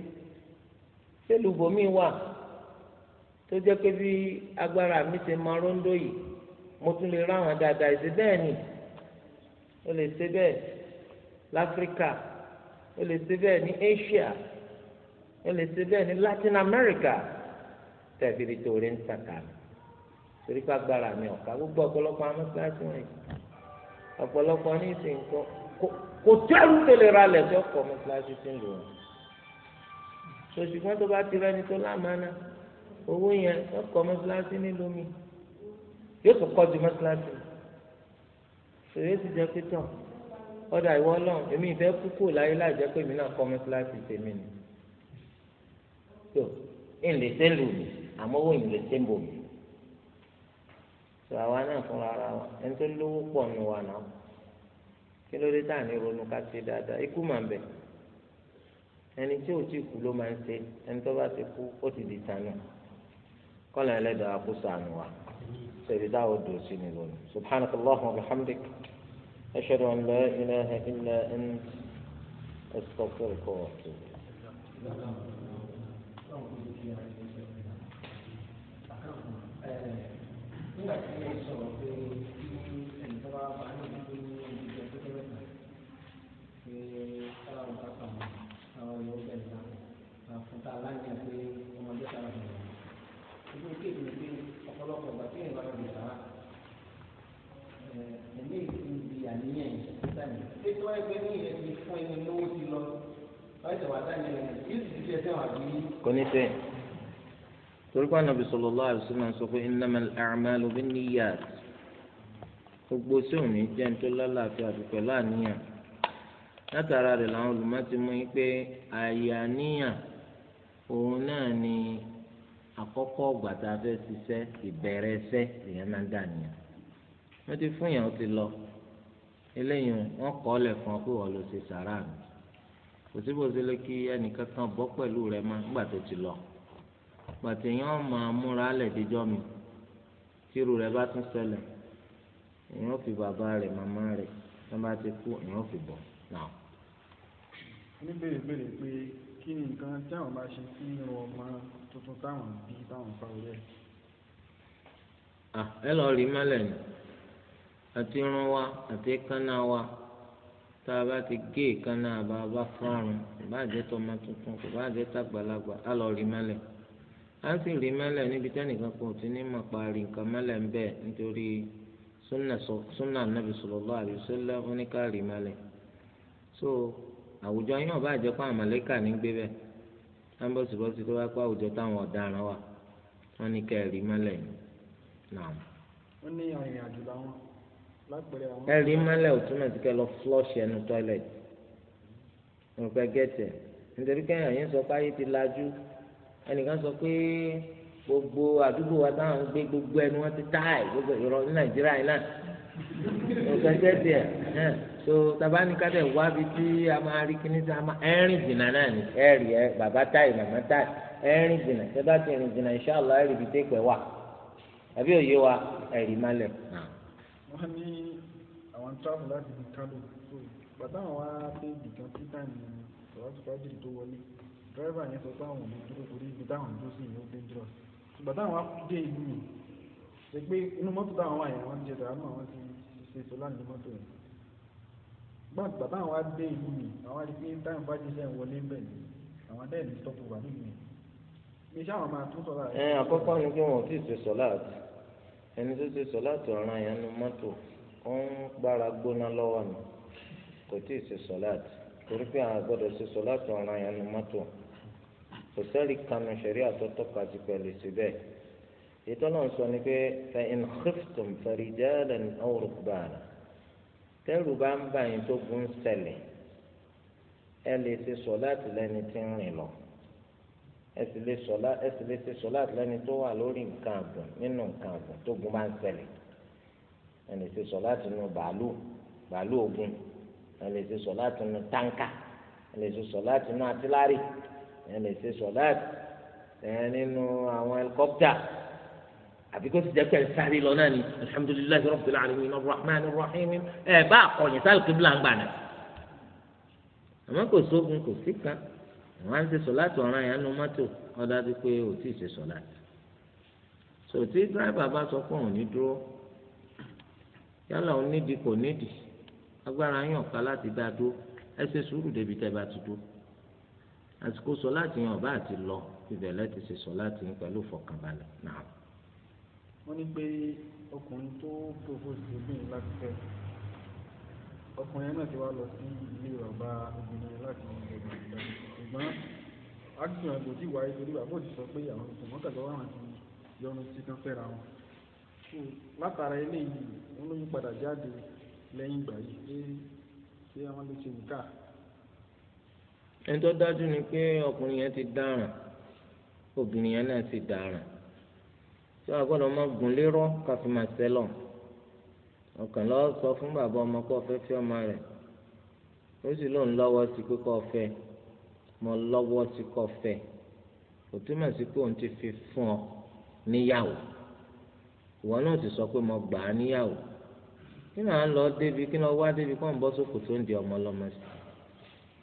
sẹ́lù bòmí wà tó jẹ́ pé bí agbára mi ti máa róńdó yìí mo tún lè ráwọn dáadáa ìdí bẹ́ẹ̀ ni ó lè ṣe bẹ́ẹ̀ láfíríkà ó lè ṣe bẹ́ẹ̀ ní Asia ó lè ṣe bẹ́ẹ̀ ní Latin America tẹ̀bi ibi tó rí ń tàkà mi torí pé agbára mi ọ̀ka gbogbo ọ̀pọ̀lọpọ̀ amúsíláṣí wọ̀nyí ọ̀pọ̀lọpọ̀ ní ìsìn nǹkan kò tó ẹrú tó lè ra lẹ̀ tó kọ́ mọ́sálásí tí ń lò wọ́n. sòṣùgbọ́n tó bá ti rẹ́ni tó lámàánà owó yẹn tó kọ́ mọ́sálásí nílò mi yóò tún kọ́ ju mọ́sálásí. sòyè ti jẹ́ pé tán ọ̀dà ìwọ náà èmi ìfẹ́ kúkú láyé láì jẹ́ pé èmi náà kọ́ mọ́sálásí tèmi ni. tó ń lè ṣe lù mí àmọ́ owó yìí lè ṣe ń bò mí. sọ àwa náà fúnra ara wa ẹni tó lówó pọ̀ nù wa náà kí ló dé táà ní ronú ká ṣe dáadáa ikú mà ń bẹ ẹni tí ò tí kú ló máa ń ṣe ẹni tó bá ti kú ó ti di tanu kọ́lá ẹlẹ́dàá kó sànù wa ṣèlú dáwọ́ dò sí ni lónìí subhanaka allahumma wa bihamdik an la ilaha illa ant astaghfiruka wa atubu ilayk. ta aláǹyà pé ọmọdé ta ọ̀hún ìlú kéèkì ni pé ọ̀pọ̀lọpọ̀ ọ̀gbà kéèyàn bá ti sàrà ẹ̀mí ìdí àníyàn sani pé tí wọ́n yẹ pé ní ìyẹn ti fún ẹni lówó ti lọ wọ́n ti wà sani rẹ̀ yìí ti ti ẹsẹ̀ wà bí. kò ní sẹ́yìn torí pé Ànábì sallallahu alaihi wasallam sọ pé innamal a'malu binniyat gbogbo sí òní jẹ́ ní tó lálàáfíà pẹ̀lú àníyàn látara rẹ̀ làwọn olùmọ̀ ti mú yín pé àyà òun náà ni àkọ́kọ́ gbàtà fẹ́ ṣiṣẹ́ ìbẹ̀rẹ̀ ẹsẹ́ èèyàn máa ń dà nìyẹn wọ́n ti fún yàn ó ti lọ eléyìí wọ́n kọ́ ọ́lẹ̀ fún ọ pé wọ́n lọ ṣe sàrà mi kò síbò sílé kí ẹnìkan kan bọ́ pẹ̀lú rẹ má nígbà tó ti lọ gbàtà èèyàn máa múra alẹ̀ díjọ́ mi tírú rẹ bá tún ṣẹlẹ̀ èèyàn fi bàbá rẹ màmá rẹ tó bá ti kú èèyàn fi bọ̀ náà. oníbèrè bèrè pé kí ni nǹkan tí àwọn bá ṣe sí irun ọmọ tuntun táwọn bí táwọn fa orí ẹ. Ah, ẹ lọ rí mọ́lẹ̀ ni àti irun wa àti kánná wa tá a bá ti gé ìkánná àbá bá fárun kò tọmọ tuntun kò bá tàgbàlagbà á lọ rí mọ́lẹ̀ á sì rí mọ́lẹ̀ níbi tẹ́nìkan kan ò ti ní mọ̀ parí nǹkan mọ́lẹ̀ ń bẹ̀ nítorí súnà nàbì sallallahu alaihi oníkàrí mọ́lẹ̀ so àwùjọ yín náà bá jẹ́ pé àwọn mọ̀lẹ́kà ní gbé bẹ́ẹ̀ lábọ̀sibọ́sí tó bá pé àwùjọ táwọn ọ̀daràn wà wọ́n ní kẹ́ ẹ̀ rí mọ́lẹ̀ yìí náà. wọ́n ní àrìn àjò làwọn lápẹ̀rẹ̀ àwọn. ẹ rí mọ́lẹ̀ ò túmọ̀ sí kẹ́ lọ flush ẹnu toilet mo fẹ́ gẹ̀tẹ̀ nítorí kẹ́hìn yín sọ pé ayé ti lajú ẹnìkan sọ pé gbogbo àdúgbò wa táwọn gbé gbogbo ẹnu wọn ti táì gbogbo ìrọ̀ ní Nàìjíríà yìí náà mo fẹ́ gẹ̀tẹ̀ tó tabanikadẹ wa bi tí a máa rí kíní tí a máa ẹ̀rín jìnnà náà ni ẹ̀rí ẹ bàbá táyì ti rìn jìnnà inṣàlá ẹ̀rí bi tẹ́pẹ́ wà wa ẹ̀rí ní àwọn tíráfù láti di kálò tó bàtà àwọn wá pé nìkan tí tó wọlé dírẹ́fà yẹn sọ pé àwọn ibi táwọn dúró sí ìyẹn ó dé ìlú mi ṣe pé inú mọ́tò táwọn wà yẹn wọ́n ti gbọ́n bàbá àwọn adé ìlú mi àwọn adé pé táwọn bá jíṣẹ́ ń wọlé bẹ̀ ni àwọn adé ìlú tọ́pù wà nínú mi mi ṣáà máa tún sọ láàrin. ẹ àkọ́kọ́ ni pé wọn ò tí ì ṣe sọ́láàtì ẹni tó ṣe sọ́láàtì ọ̀ràn yẹn nu mọ́tò ó ń gbára gbóná lọ́wọ́ mi kò tí ì ṣe sọ́láàtì torí pé àwọn àgbọ̀dọ̀ ṣe sọ́láàtì ọ̀ràn yẹn nu mọ́tò kò sẹ́ẹ̀lì kanu ṣẹ̀rí àtọ́tọ́ kàti pẹ̀lú síbẹ̀ ètò náà sọ ni pé fa in khiftum farijalan aw rukbana tẹ́rù bá ń bà yín tó gun ṣẹlẹ̀ ẹ lè ṣe sọ láti lẹ́ni tí ń rìn lọ ẹ sì lè ṣe sọ láti lẹ́ni tó wà lórí nǹkan àgùn nínú nǹkan àgùn tó gun bá ń ṣẹlẹ̀ ẹ lè ṣe sọ láti nu bàálù bàálù ogun ẹ lè ṣe sọ láti nu táǹkà ẹ lè ṣe sọ láti nu àtìlárí ẹ lè ṣe sọ láti ẹ nínú àwọn ẹlikọ́pítà àbí kó ti jẹ́ pé sáré lọ náà ni alhamdulilayi rabbil alamin arrahman arrahim ẹ bá àkọyìn sáré kí bílà ń gbà náà àmọ́ kò sógun kò sí kan àwọn á ń ṣe sọláàtì ọ̀ràn yẹn nu mọ́tò ọ̀dà ti pé ò tí ì ṣe sọláàtì sòtí dírẹ́bà bá sọ pé òun ní dúró yálà òun nídìí kò nídìí agbára yàn ká láti dá dúró ẹ ṣe sùúrù débi tẹ́ bá ti dúró àsìkò sọláàtì yẹn ọba àti lọ ìbẹ̀lẹ̀ ti ṣe sọláàtì yẹn pẹ̀lú ìfọ̀kànbalẹ̀ náà wọ́n ní pé ọkùnrin tó propose obìnrin láti fẹ́ ọkùnrin náà ti wá lọ sí ilé bàbá obìnrin láti ọ̀gbìn ìgbà ṣùgbọ́n action kò tí wáyé torí bàbá òsì sọ pé àwọn ọkùnrin mọ́tàgbà wà láti yọnu sí kan fẹ́ra wọn látara eléyìí wọ́n ló yí padà jáde lẹ́yìn ìgbà yìí pé ṣé àwọn ló ṣe nìkà. ẹni tó dájú ni pé ọkùnrin yẹn ti dáràn obìnrin yẹn náà ti dáràn. tí wàá gbọ́dọ̀ máa gùn lérò káfí máa sẹ́lọ̀ ọkàn lọ sọ fún bàbá ọmọ pé ọfẹ́ fẹ́ ọmọ rẹ̀ ó sì lóun lọ́wọ́ sí pé kọ́ fẹ́ mọ lọwọ sí kọ́ fẹ́ kò túmọ̀ sí pé òun ti fi fún ọ níyàwó ìwọ náà ti sọ pé mo gbà á níyàwó kí náà lọ débi kí náà wá débi kó ń bọ́ sókò tó ń di ọmọ ọlọ́mọ sí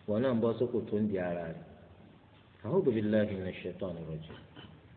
ìwọ náà ń bọ́ sókò tó ń di ara rẹ̀ a'udhu billahi minash shaitani rajim.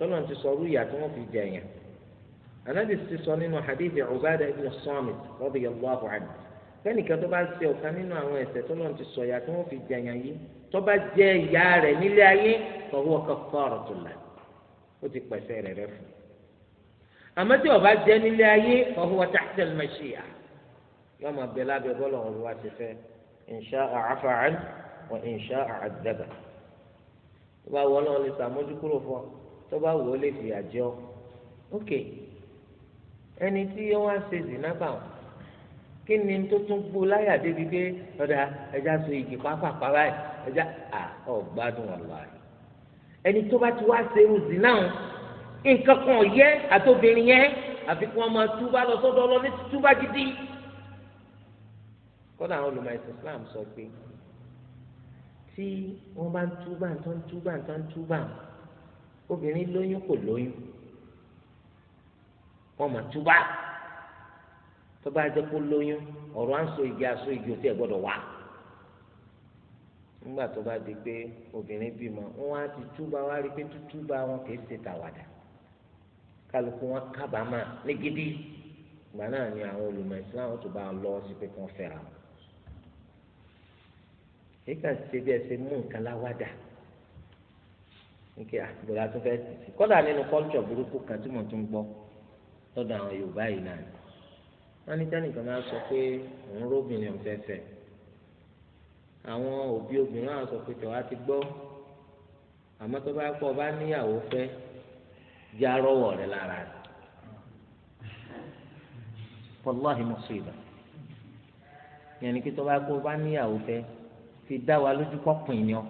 tọ́lọ̀ ti sọ orú ìyá tí wọ́n fi jẹ yẹn anabi ti sọ nínú hadithi Ubadah ibn Samit radiyallahu anhu fẹ́nìkan tó bá ṣe ọ̀kan nínú àwọn ẹ̀ṣẹ̀ tọ́lọ̀ ti sọ ìyá tí wọ́n fi jẹ yẹn yìí tó bá jẹ ìyá rẹ̀ nílé ayé fahuwa kaffaratun lahu ó ti pẹ̀sẹ̀ rẹ̀ rẹ̀ fún àmọ́ tí ó jẹ nílé ayé fahuwa tahta al-mashi'a yóò máa bẹ lábẹ́ bọ́ọ̀lù ọ̀rọ̀ ọ tó bá wò ó lè fìyà jọ ok ẹni tí ó wá ṣe zina bá wọn kí ni tó tún gbó láyà débi pé ọ̀dà ẹja so igi pápápá báyìí ẹja à ọ̀ gbádùn ọ̀la ẹni tó bá ti wá ṣe irú zina wọn nǹkan kan yẹ àtòbìnrin yẹn àfi kí wọn máa túbá lọ sọ́dọ̀ ọlọ ní túbá gidi kọ́dà àwọn olùmọ̀ Islam sọ pé tí wọ́n bá ń túbà tó ń túbà tó ń túbà obìnrin lóyún kò lóyún wọn mà túbà tó bá jẹ kó lóyún ọ̀rọ̀ à ń so igi aso igi òtí ẹ gbọ́dọ̀ wá nígbà tó bá di pé obìnrin bímọ wọn á ti túbà wá rí pé tútúbà wọn kì í ṣe tàwàdà kálukú wọn kábàámà ní gidi ìgbà náà ni àwọn olùmọ̀ ìsìláàmù tó bá lọ sí pé kàn fẹ́ra wọn. èyí kàn ṣe bí ẹ ṣe mú nǹkan láwàdà nke àgbòlá tó fẹ́ tì sí kódà nínú kọ́lùtsọ̀ burúkú kan tí mo tún gbọ́ lọ́dọ̀ àwọn Yorùbá yìí náà wọ́n ní tẹ́nìkan máa sọ pé òun róbìnrin òun fẹ́ fẹ́ àwọn òbí obìnrin náà sọ pé tọ́wá ti gbọ́ àmọ́ tó bá pọ̀ bá níyàwó fẹ́ di arọ́wọ̀ rẹ̀ lára rẹ̀ wàláhi mùsùlùmí yẹn ni kí tó bá pọ̀ bá níyàwó fẹ́ fi dá wa lójú pọ́pìn ni ọ́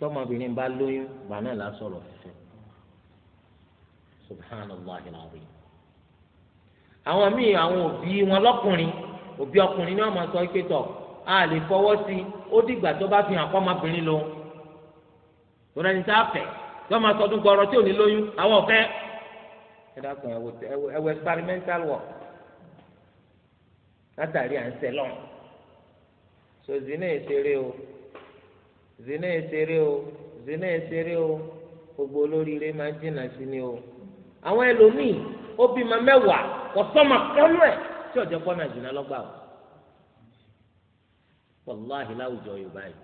tọmọbìnrin bá lóyún gbà náà la sọ̀rọ̀ fífẹ́ subhanallah alazim àwọn míì àwọn òbí wọn lọ́kùnrin òbí ọkùnrin ni wọ́n máa sọ pé tọ a lè fọwọ́ sí ó dìgbà tó bá fi hàn kọ́ ọmọbìnrin lòun lọ́dọ̀ ẹni tá a fẹ́ yọ máa sọdún gbọ́rọ̀ tí ò ní lóyún àwọn ọ̀fẹ́ ẹ dákun ẹ wọ experimental work látàrí à ń sẹ lọ́n sòzínà ìṣeré o. zina esere o zina esere o gbogbo olóríire máa jìnnà sí ni o àwọn ẹlòmíì ó ma kọlu ẹ tí pọ náà lọgbà o wàláhì láwùjọ yorùbá yìí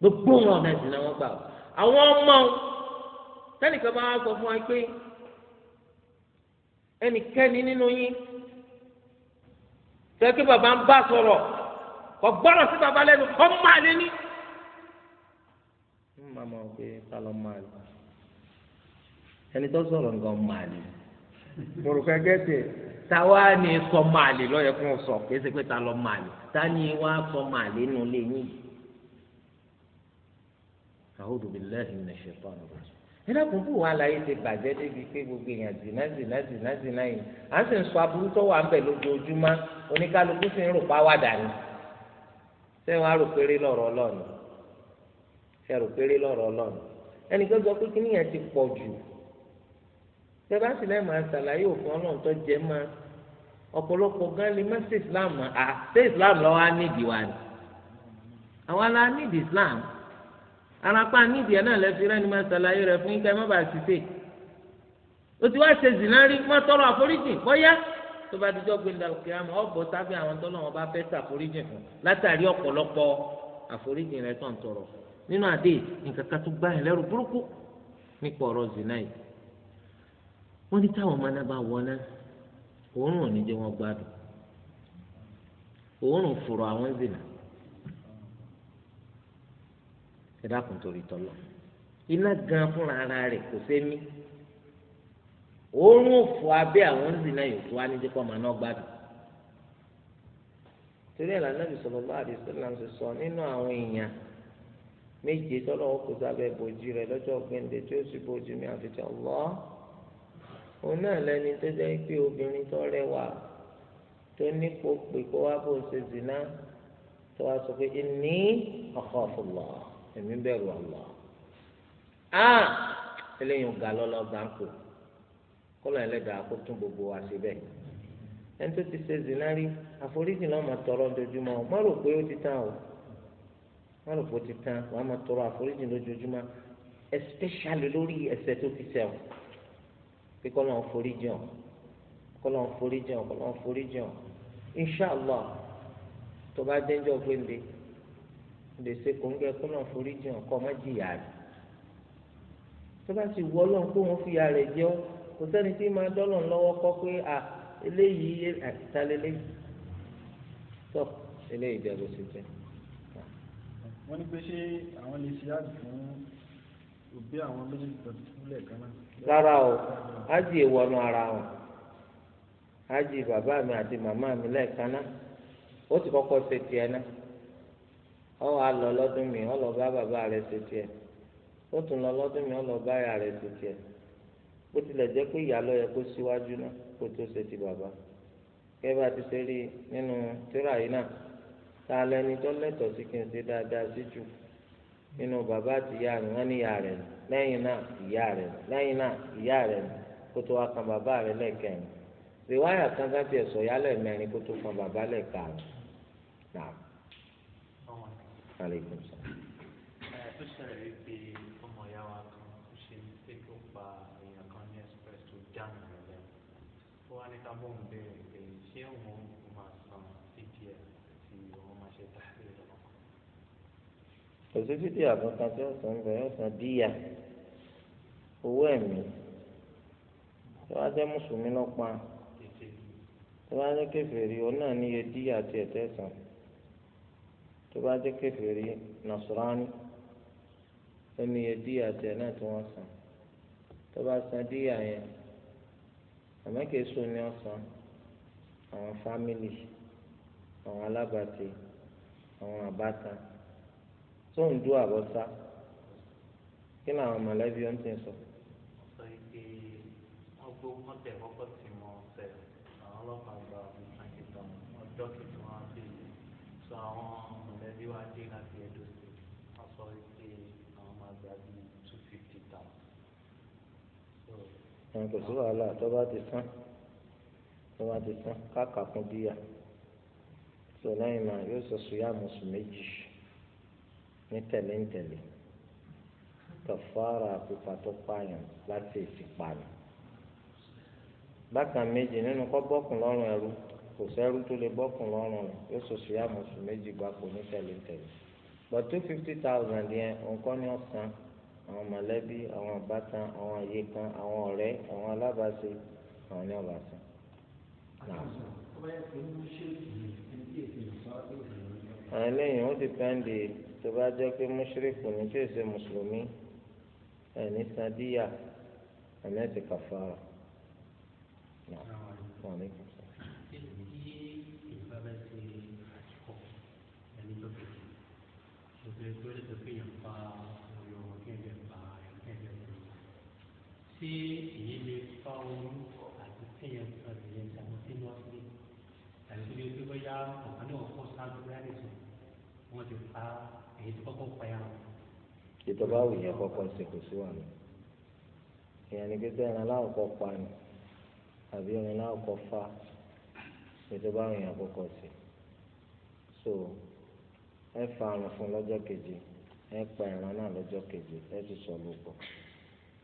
gbogbo wọn náà zina wọn gbà o àwọn ọmọ tẹnìkan bá wà sọ fún wa pé ẹnikẹ́ni nínú yín bàbá ń bá kò gbọ́dọ̀ sí baba lẹ́nu kò máa lé ní. ní màmá wọn pé ta ló máa lè ẹni tó sọ̀rọ̀ nǹkan máa lè mo rò pé gẹ́tì táwa ni sọ máa lè lọ́yẹ fún un sọ pé ṣe pé ta ló máa lè ta ni wá sọ máa lè nù lé yín. A'udhu billahi minash shaitani rajim nílẹ̀kùn fún wa láyé ti bàjẹ́ débi pé gbogbo èèyàn zìnà zìnà zìnà zìnà yìí à ń sì ń sọ aburú tó wà ń bẹ̀ lójoojúmọ́ oníkálukú sì ń rò pa ni sẹ́wọ̀n arùpéré lọ́rọ̀ ọlọ́ọ̀nù ẹrùpéré lọ́rọ̀ ọlọ́ọ̀nù ẹnìkan sọ pé kíní yẹn ti pọ̀ jù tẹ́bá sì lẹ́ẹ̀ máa ṣàlàyé òfin ọlọ́run tó jẹ́ máa ọ̀pọ̀lọpọ̀ gan lè má ṣe islam à ṣe islam lọ́wọ́ á nídìí wa ni àwa la nídìí islam arapa nídìí ẹ̀ náà lẹ́fi rẹ́ni máa ṣàlàyé rẹ̀ fún ike má bàa ṣiṣẹ́ o ti wá ṣe zìnnárí má àforíjì bọ́yá tó bá dijọ́ gbé nígbà lókè àmọ́ ọ̀bọ̀ sábẹ́ àwọn tó lọ́wọ́ bá fẹ́ ṣàforíjì fún látàrí ọ̀pọ̀lọpọ̀ àforíjì rẹ̀ tó ń tọrọ nínú àdé nǹkan kan tó gbá yẹn lẹ́rù burúkú nípa ọ̀rọ̀ zina yìí wọ́n ní táwọn ọmọ náà bá wọná òórùn ò ní jẹ́ wọn gbádùn òórùn fòrò àwọn zina ẹ̀dá kùn torí tọ́lọ̀ iná gan fúnra ara rẹ̀ kò sẹ́mi òórùn òfò abẹ́ àwọn ń zìnà yòókù wá ní dípọ̀ màá náà gbádùn. torí ẹ̀ lànàbì sallallahu alaihi wasallam ń sọ nínú àwọn èèyàn méje tọ́lọ́ kó sábẹ́ bòjú rẹ̀ lọ́jọ́ gbẹ̀ǹdẹ̀ tí ó sì bòjú mi àfitàn lọ́ òun náà lẹni tó jẹ́ pé obìnrin tó rẹwà tó nípò pé kó wá bó ṣe zìnà tó wá sọ pé inni akhafullah èmi bẹ̀rù Allah. a eléyìí ń ga lọ́lọ́ gbàǹkó kọlọ ẹlẹdàá kó tún gbogbo wa sí bẹ́ẹ̀ ẹni tó ti ṣe zinari àforíjì náà máa tọrọ lójoojúmọ́ má rò pé ó ti tán o má rò pé ó ti tán wàá máa tọrọ àforíjì lójoojúmọ́ especially lórí ẹ̀ṣẹ̀ tó ti ṣẹ̀ o pé kọlọ ń foríjì ọ kọlọ ń foríjì ọ kọlọ ń foríjì ọ inshàlá tó bá dénjọ pé ndé ndé ṣe kò ń gẹ kọlọ ń foríjì ọ kọ má jìyà rẹ tó bá ti wọ Ọlọ́run pé wọn fi yà rẹ jẹ ọ. kò sẹ́ni tí máa dọ́lọ̀ lọ́wọ́ kọ́ pé à eléyìí àtàlélé tó eléyìí bẹ́ẹ̀ ló wọ́n ní pé ṣé àwọn lè ṣe àjù fún òbí àwọn méjèèjì tó ti kúlẹ̀ rárá o ájì ìwọ̀nù ara wọn ájì bàbá mi àti màmá mi lẹ́ẹ̀kan ó ti kọ́kọ́ ṣe tiẹ̀ náà ọ wàá lọ lọ́dún mi ọ lọ bá bàbá rẹ̀ ṣe tiẹ̀ ó tún lọ bó tilẹ̀ jẹ́ pé ìyá lọ́yẹ kó síwájú náà kó tó ṣe ti bàbá kẹ́ẹ́ bá ti ṣe rí nínú tíra yìí náà ta lẹni tó lẹ́tọ̀ọ́ sí kí n ṣe dáadáa sí jù nínú bàbá àti ìyá rẹ̀ wọ́n ní ìyá rẹ̀ lẹ́yìn náà ìyá rẹ̀ lẹ́yìn náà ìyá rẹ̀ kó tó wá kan bàbá rẹ̀ lẹ́ẹ̀kẹrin rìwáyà kan tiẹ̀ sọ yálẹ̀ mẹ́rin kó tó kan bàbá náà. kábọ̀ ń bẹ̀rẹ̀ pé ṣé wọ́n máa san cps ṣe tàbí tí wọ́n bẹ̀rẹ̀ wọ́n díyà owó ẹ̀mí tí wọ́n á jẹ́ mùsùlùmí lọ́pa tí wọ́n á jẹ́ kèfèrí òun náà àmọ́kèso ni ọ̀sán àwọn fámìlì àwọn alábàtì àwọn àbátan tó ń dú àbọ̀sá kí ni àwọn mọ̀lẹ́bí ó ń tẹ̀ sọ. sọ èdè ọgbó kọtẹ kọkọ tí mo fẹ́ àwọn ọlọ́pàá gba àgbègbè ọjọ́ kejì wọn dé sọ àwọn mọ̀lẹ́bí wa dé láti Edo State wọn sọ èdè àwọn two fifty thousand ẹ̀yìn kò sí wàhálà tó bá ti sán tó bá ti sán káàkà fún díyà tó lẹ́yìn náà yóò sọ sùúyà mọ̀sùn méjì ní tẹ̀lé ń tẹ̀lé kàfàrà pípa tó pààyàn láti ìsìpààyàn bákan méjì nínú kọ́ bọ́kùn lọ́rùn ẹrú kò sẹ́rú tó lè bọ́kùn lọ́rùn rẹ̀ yóò sọ sùúyà mọ̀sùn méjì gbapò ní tẹ̀lé ń tẹ̀lé but two fifty thousand yẹn nǹkan ni ó san àwọn mọ̀lẹ́bí àwọn àbátan àwọn àyíkan àwọn ọ̀rẹ́ àwọn alábàáṣe àwọn ní ọ̀bà sàn. àwọn eléyìí ó ti pẹ́ǹdì tó bá jẹ́ pé mùṣírìkù ní tí èsè mùsùlùmí ẹ̀ ní sandíyà ẹ̀mí kàfàrà. Thank tí èyí lè fa oyún àti téèyàn kan lèyẹn tàbí tí wọ́n ti tàbí tí wọ́n bóyá ọ̀kan náà kó sáájú láti sùn wọ́n ti fa èyí tó kọ́kọ́ pa yà wọ́n. ètò bá wù yẹn kọ́kọ́ sí wà ní. èèyàn ní pípẹ́ ẹran láwùkọ́ pa ni àbí ẹran láwùkọ́ fa ètò bá wù yẹn so ẹ fa àrùn fún lọ́jọ́ keje ẹ pa ẹran náà lọ́jọ́ keje ẹ ti sọ lóko.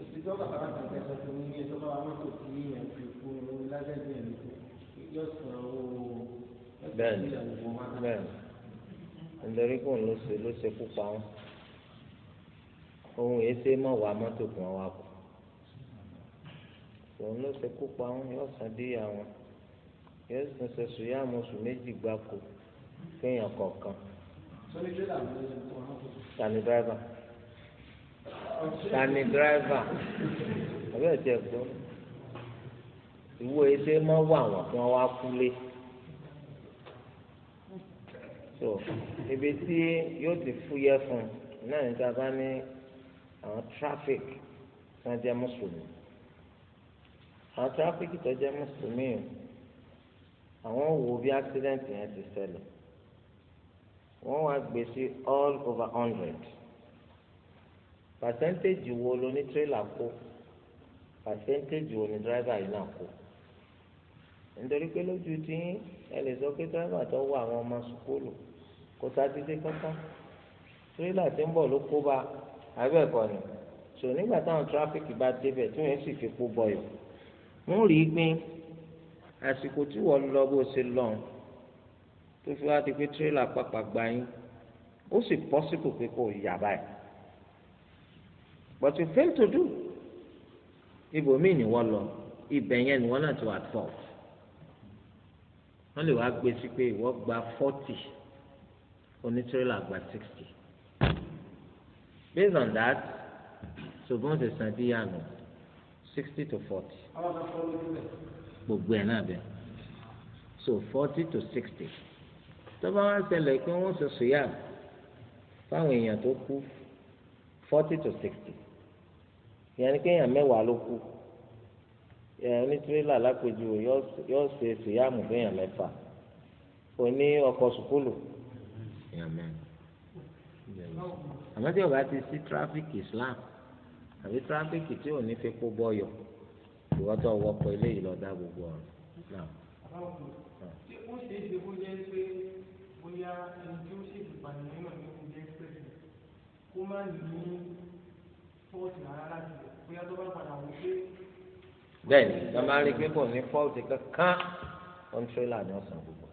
òṣìṣẹ́ bàbá kan fẹ́ sọ fún mi ní ẹ̀tọ́ bá mọ́tò tí èèyàn fi fún un lágbègbè mi yóò san owó bẹ́ẹ̀ni bẹ́ẹ̀ni nítorí kò ń lọ sí ló ṣe kú pa wọn ohun èsè mọ̀ wá mọ́tò kan wá kù òun ló ṣe kú pa wọn yóò san díyà wọn yóò san ṣoṣù yá mọ̀ṣù méjì gbáko kéèyàn kọ̀ọ̀kan. sọ́ni dírẹ́là ló ń bọ̀ wọn. tani dírẹ́là tani dírẹ́fà àbí ẹ̀jẹ̀ gbọ́ ìwọ ẹsẹ̀ máa wà wọ́n kí wọ́n wá kúlé so ibi tí yóò ti fúyẹ́ fún náà níta bá ní àwọn traffic tí wọ́n jẹ́ mùsùlùmí àwọn traffic tó jẹ́ mùsùlùmí àwọn wo bí accident yẹn ti ṣẹlẹ̀ wọ́n wá gbé all over hundred pàṣẹ́ntéèjì wo ló ní tírélà kó pàṣẹ́ntéèjì wo ní dírẹ́fà yìí náà kó nítorí pé lójú tí ẹ lè sọ pé dírẹ́fà tó wọ àwọn ọmọ sùkúlù kó sátidé kankan tírélà tí ń bọ̀ ló kó bá abẹ́ẹ̀kọ́ ni sọ nígbà táwọn tiráfíkì bá débẹ̀ tí wọ́n sì fi kó bọ̀yọ̀ wọ́n rí i pé àsìkò tí wọ́n lọ bó ṣe lọ tó fi wá di pé tírélà pàpà gbá yín ó sì pọ́sibù pé kò yà báyìí but you fail to do ibòmíì ni wọ́n lọ ibẹ̀ yẹn ni wọ́n náà ti wà tọ̀ wọ́n lè wá gbé sí pé ìwọ gba forty onítìrẹ́là gba sixty based on that ṣùgbọ́n ṣe san díyà nù sixty to forty gbogbo ẹ̀ náà bẹ̀ so forty to sixty tó bá wá ṣẹlẹ̀ pé wọ́n ṣe sùyà fáwọn èèyàn tó kú forty to sixty ìyẹn ni kéèyàn mẹ́wàá ló kù oní tirẹ́là lápẹjù yóò ṣe ṣìyàmù fẹ́yàn mẹ́fà oní ọkọ̀ sùkúlù. àmọ́ tí ọba ti sí tráfíkì Islam àbí tráfíkì tí ò ní fi kó bọ́yọ̀ ìwọ́tọ̀ wọ́pọ̀ eléyìí lọ́dá gbogbo ọ̀rọ̀. é ṣe kó jẹ́ pé bóyá ẹni tí ó ṣètò ìpànìyàn náà ní bẹ́ẹ̀ni wọn máa ń rí pípọ̀ ní fọ́ọ̀tì kankan wọn tírélà ní ọ̀sán gbogbo.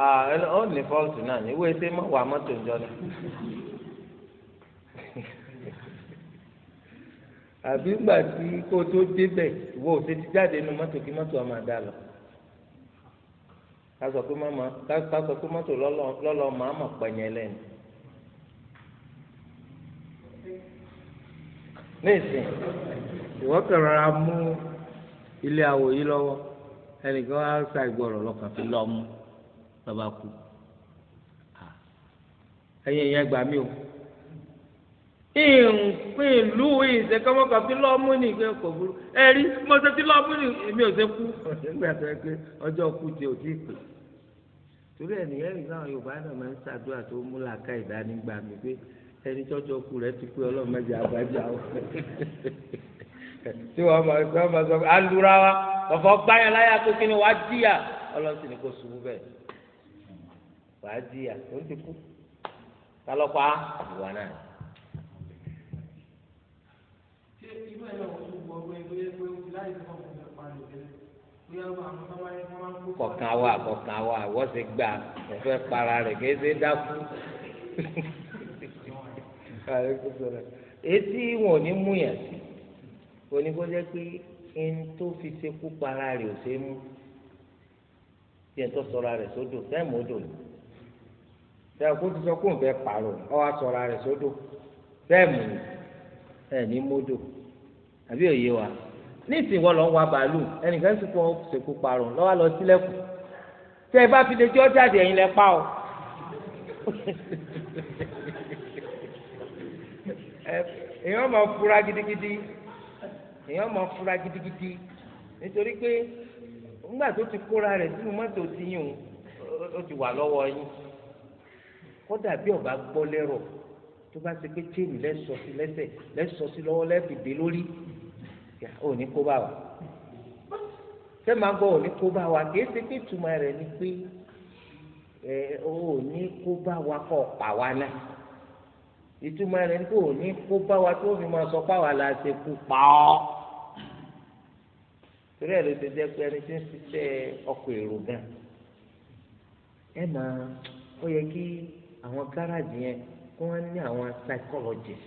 Ah, ó ní fọ́ọ̀tì náà ní ìwé tí wà mọ́tò ìjọ náà. àbí gbà tí kò tó débẹ̀ wò ó ti jáde nínú mọ́tò kí mọ́tò ọmọ àdá lọ kásọ pé mọ́mọ́ kásọ pé mọ́tò lọ́lọ́ màmá pẹ̀yẹ lẹ́nu. nísìn ìwọ kẹrọ ra mú ilé awò yìí lọ́wọ́ ẹnìkan á sa ìgbọràn lọkàn fi lọ mú lọba kú ẹ̀yin ìyẹn gbà mí o ìpín ìlú ìṣe kọ́mọ́kọ́ tí lọ́ọ́ mú ní ìpín kò burú ẹ̀rí mo ṣe tí lọ́ọ́ mú ní èmi ò ṣe kú nígbà tó yẹ pé ọjọ́ kú ti ò tí ì pè torí ẹ̀ nìyẹn rí sáwọn Yorùbá náà máa ń ṣàdúrà tó mú làákà ìdánigbà mi pé ẹni tọ́jọ́ kú rẹ̀ ti pé ọlọ́mọdé àgbájá o tí wọ́n máa sọ máa sọ alura wa ọ̀fọ̀ gbáyà láyà tó kí ni wàá díyà ọlọ́sìn ni kò ṣubú bẹ́ẹ̀ wàá díyà ó ti kú kálọ́pàá ìwà náà irú ẹ̀ náà wọ́n tún gbọ́ ọgbẹ́ tó yẹ pé ó ti láì fún ọmọ ìgbà pa lò tẹ́lẹ̀ bóyá àwọn tó máa ń kó máa ń kó. kọ̀ọ̀kan wa kọ̀ọ̀kan wa wọ́n ti gbà kò fẹ́ para rẹ̀ kì í dákú. etí wọn ò ní mú yàn sí oníkójẹ́ pé ẹni tó fi ṣekú para rẹ̀ ò ṣe é mú tí ẹ̀ tó sọra rẹ̀ sódò tẹ́ẹ̀mù odò ni tẹ́ẹ̀ kó ti sọ kó ń fẹ́ pààrọ̀ ọ wá sọra rẹ̀ sódò tẹ́ẹ̀mù ẹ̀ ní mọ́dò àbí òye wa ní ìsìnwọ lọ ń wa bàálù ẹnìkan sì fún ṣèkú parun lọ́wọ́ lọ sílẹ̀kùn tẹ ẹ bá fi lè jọ́ jáde ẹ̀yin lẹ pa o èèyàn máa fura gidigidi èèyàn máa fura gidigidi nítorí pé nígbà tó ti kóra rẹ̀ sínú mọ́tò ti o ó ti wà lọ́wọ́ yín kódà bí ọba gbọ́ lẹ́rọ̀ tó bá ṣe pé chain lẹ́sọ̀ sí lẹ́sẹ̀ lẹ́sọ̀ sí lọ́wọ́ lẹ́fìdé lórí ò ní kó bá wa ṣé máa gbọ́ ò ní kó bá wa kì ṣe pé ìtumọ̀ rẹ̀ ni pé ẹ ò ní kó bá wa kọ́ pa wa náà ìtumọ̀ rẹ̀ ni pé ò ní kó bá wa tó fi máa sọ pa wa la ṣe kú pa ọ́ torí ẹ̀ ló ti jẹ́ pé ẹni tí ń ṣiṣẹ́ ọkọ̀ èrò gan ẹ máa ó yẹ kí àwọn gáràjì yẹn kí wọ́n ní àwọn psychologist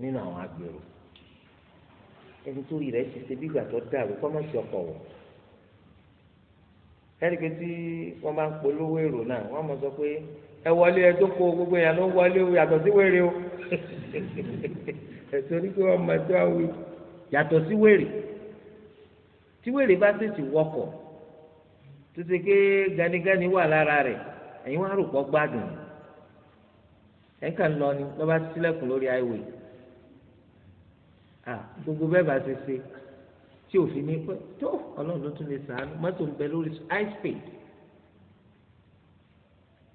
nínú àwọn agbèrò ẹni tó rẹ̀ ti ṣe bígbà tó dàrú kọ́ mọ̀sí ọkọ̀ wọ̀ ẹnìkan tí wọ́n bá ń polówó èrò náà wọ́n mọ̀ sọ pé ẹ wọlé ẹ tó kó gbogbo èèyàn ló ń wọlé o yàtọ̀ sí wèrè o ẹ̀sọ́ ní pé wọ́n mọ̀ tó àwọn yàtọ̀ sí wèrè tí wèrè bá tètè wọkọ̀ tó ṣe ké ganigani wà lára rẹ̀ ẹ̀yin wọ́n á rò pọ̀ gbádùn ẹ̀ka ń lọ ni lọ́ba sílẹ̀kùn lórí highway gbogbo bẹ́ẹ̀ bá ṣe ṣe tí òfin ní pẹ́ tó ọlọ́run ló tún lè sàánú mọ́tò ń bẹ lórí high speed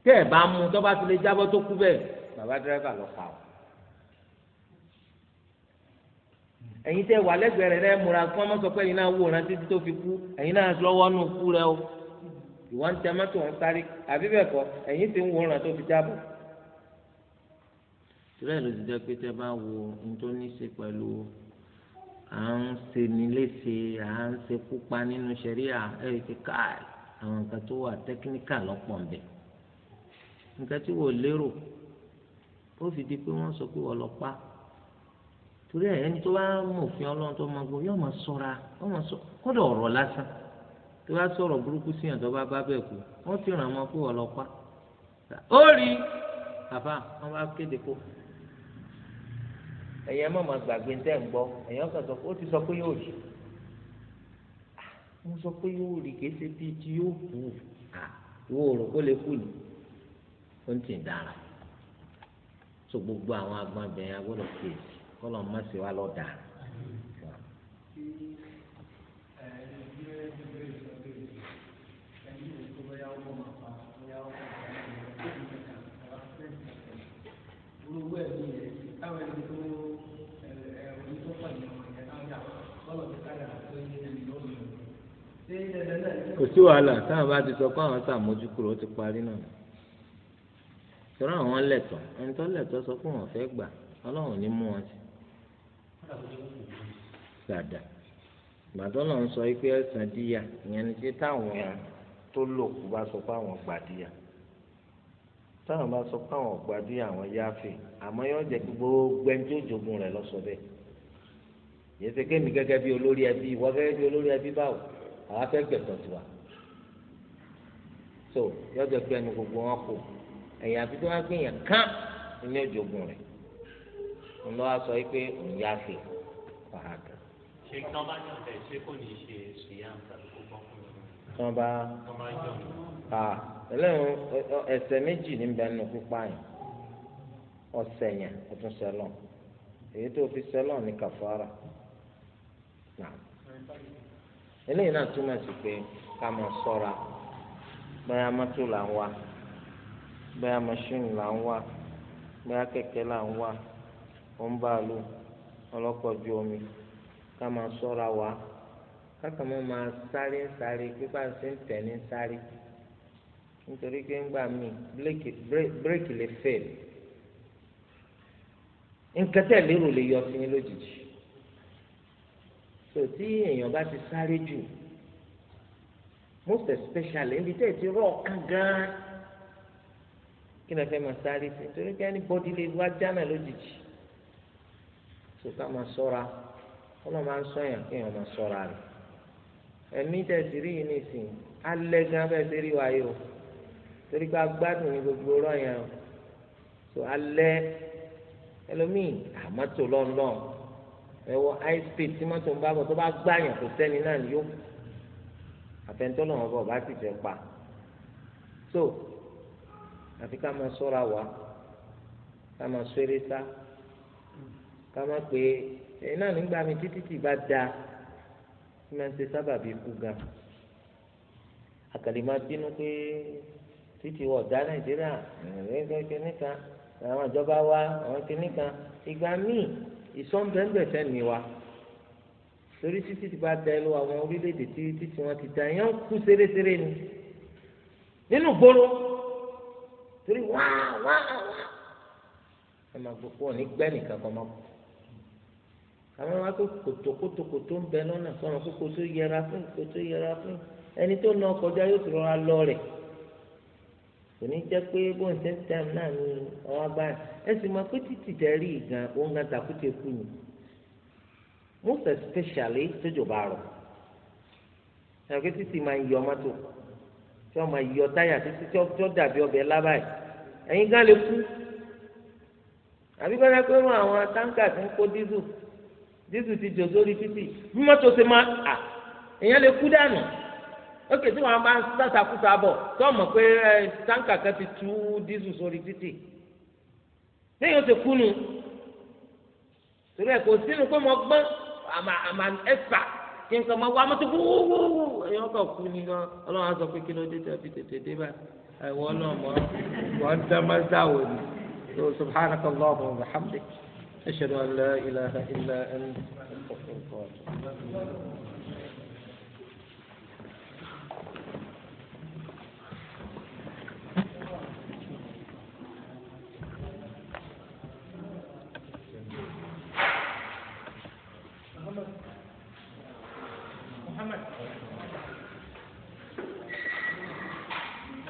tẹ́ ẹ̀ bá mú tó bá ti lè jábọ́ tó kú bẹ́ẹ̀ bàbá dírẹ́fà lọ pa ọ́ ẹ̀yin tẹ́ wà lẹ́gbẹ̀ẹ́ rẹ̀ rẹ́ múra kí wọ́n mọ̀ sọ pé ẹ̀yin náà wòran títí tó fi kú ẹ̀yin náà lọ́wọ́ nù kú rẹ o ìwọ́n ń tẹ mọ́tò ń sáré àbí bẹ́ẹ̀ kọ́ ẹ̀yin ti ń wòran tó fi jábọ́ síbẹ̀ ló ti jẹ́ pé tẹ́ bá wo ohun tó ní ṣe pẹ̀lú à ń ṣe níléṣe à ń ṣe púpa nínú ṣẹ̀ríà ẹ̀rí kíkà àwọn nǹkan tó wà tẹ́kíníkà lọ́pọ̀ ńbẹ̀ nǹkan tí wò lérò ó fi di pé wọ́n sọ pé wọ́n lọ pa torí ẹni tó bá òfin ọlọ́run tó máa gbọ́ yóò máa ẹ̀yin má máa gbàgbé ń tẹ́ ń gbọ́ ẹ̀yin kan sọ pé ó ti sọ pé yóò rí ah, mo sọ pé yóò rí kìí ṣe bíi ti yóò kú ah, ìwọ òrò kó lè kú ni ó ń dára so gbogbo àwọn agbọ̀nbẹ̀yìn agbọ́dọ̀ kéèsì kọ́ lọ́n má lọ́ọ́ dára. kò sí wàhálà táwọn bá ti sọ pé àwọn sàmójúkúrò ó ti parí náà tọ́lá àwọn lẹ̀tọ̀ ẹni tó lẹ̀tọ̀ sọ pé wọ́n fẹ́ gbà ọlọ́run ní mú wọn sí. dàdà gbàdọ́ náà ń sọ pé ẹ̀sán díyà ìyẹn ni pé táwọn tó lò kú bá sọ pé àwọn gbà díyà táwọn bá sọ pé àwọn gbà díyà àwọn yááfì àmọ́ yóò jẹ́ pé gbogbo ẹni tí ó jogun rẹ̀ lọ́sọ bẹ́ẹ̀ yẹ́sẹ̀ kémi gẹ́gẹ́ bí olórí ẹbí ìwọ gẹ́gẹ́ bí olórí ẹbí báwo àwọn afẹ́gbẹ̀tọ̀ tiwa so yọjọ pé ẹni gbogbo wọn kù ẹ̀yà àfi tí wọ́n gbé yẹn kán ní ojogun rẹ̀ ń lọ́wọ́ sọ pé òun yá fi fàákà. ṣé tí wọ́n bá yàn bẹ́ẹ̀ ṣé kò ní ṣe ṣìyàn tàbí kó bọ́ fún mi. tí wọ́n bá ẹlẹ́yìn ẹsẹ̀ méjì ní bẹ́ẹ̀ nù pípa yẹn ọ̀sẹ̀ yẹn ọ̀tún sẹ́lọ̀n èyí tó fi sẹ́lọ̀n ní kàfàrà náà. eléyìí náà túmọ̀ sí pé ká máa sọ́ra la mọ́tò là ń wá bóyá mọ́ṣíìnì là ń wá kẹ̀kẹ́ là ń wá ọlọ́kọ̀ ju omi ká máa sọ́ra wá káka mọ́ máa sáré sáré pípa sí sáré nítorí pé ńgbà bírèkì lè fẹ́ẹ̀lì tò tí èèyàn bá ti sáré jù most especially níbi tẹ́ ẹ ti rọ ọ̀kan gan-an kí ló fẹ́ máa sáré sí torí pé ẹni bọ́dí lè wá jánà lójijì tó ká máa sọ́ra ọlọ́ máa ń sọ̀yàn kí èèyàn máa sọ́ra rẹ̀ ẹ̀mí tẹ̀ sí rí yìí nìsín alẹ́ gan bẹ́ẹ̀ sí rí wáyé o torí pé agbádùn ní gbogbo ọ̀rọ̀ yẹn o tó alẹ́ ẹlòmíì àmọ́tò lọ́nlọ́n ẹwọ high speed tí mọ́tò ń bá bọ̀ tó bá gbààyàn kò sẹ́ni náà yó àfẹnutọ́ náà wọn bọ̀ bá sì fẹ́ pa so àfi ká máa ṣọ́ra wa ká máa ṣeré sá ká máa pè é náà nígbà mi títí tì bá da kí máa ń ṣe sábà bíi kú gan àkàlì máa bínú pé títí wọ̀ dá nàìjíríà ẹ̀ẹ́dẹ́gbẹ́ kìnnìkan àwọn ìjọba wa àwọn kìnnìkan ìgbà míì ìsọ̀nbẹ̀ǹbẹ̀fẹ́ ni wa torí títí ti bá da ẹ lọ àwọn orílẹ̀-èdè tí títí wọn ti da ẹ yẹn ń kú séréṣeré ni nínú gbòòrò torí wá wá wá ẹ máa gbọ́ pọ̀ ní gbẹ́ nìkan kan máa kú àwọn wa pé kòtòkòtòkòtò ń bẹ lọ́nà sọ̀rọ̀ pé kòtò yẹra fún kòtò yẹra fún ẹni tó na ọkọjá yóò ti rọra lọ rẹ̀ kò ní jẹ́ pé bóun ṣe ń tẹ̀ náà ní ọwọ́ agbára ẹ sì mọ pé títì tẹ̀ rí ìgàn òun gan takùtì kú ni most especially tójò bá rọ̀ ẹ̀ pé títì máa ń yọ mọ́tò tí wọ́n máa yọ táyà títí tí wọ́n dàbí ọbẹ̀ lábàáyé ẹ̀yin gan lè kú àbí bẹ́ẹ̀ pé wọ́n àwọn táǹkà ti ń kó dísù dísù ti jò sórí títì mọ́tò ti máa à èèyàn lè kú dànù. Ok, tí wọn bá ń sàṣàkóso abọ tó mọ pé ẹ táǹkà kan ti tú dísù sórí títì lẹ́yìn oṣù kúnnu torí ẹ kò sínú pé mo gbọ́n àmà àmà ẹfà kí n kàn máa wá mọ́tò wúwúwú ẹyọ kàn kú ni gan Ọlọ́run á sọ pé kí ló dé tẹbi tètè dé bá ẹwọ náà mọ wọn ń tẹ máa ń dáwọ ni tó subhanak Allahu wa bihamdik ashhadu an la ilaha illa anta astaghfiruka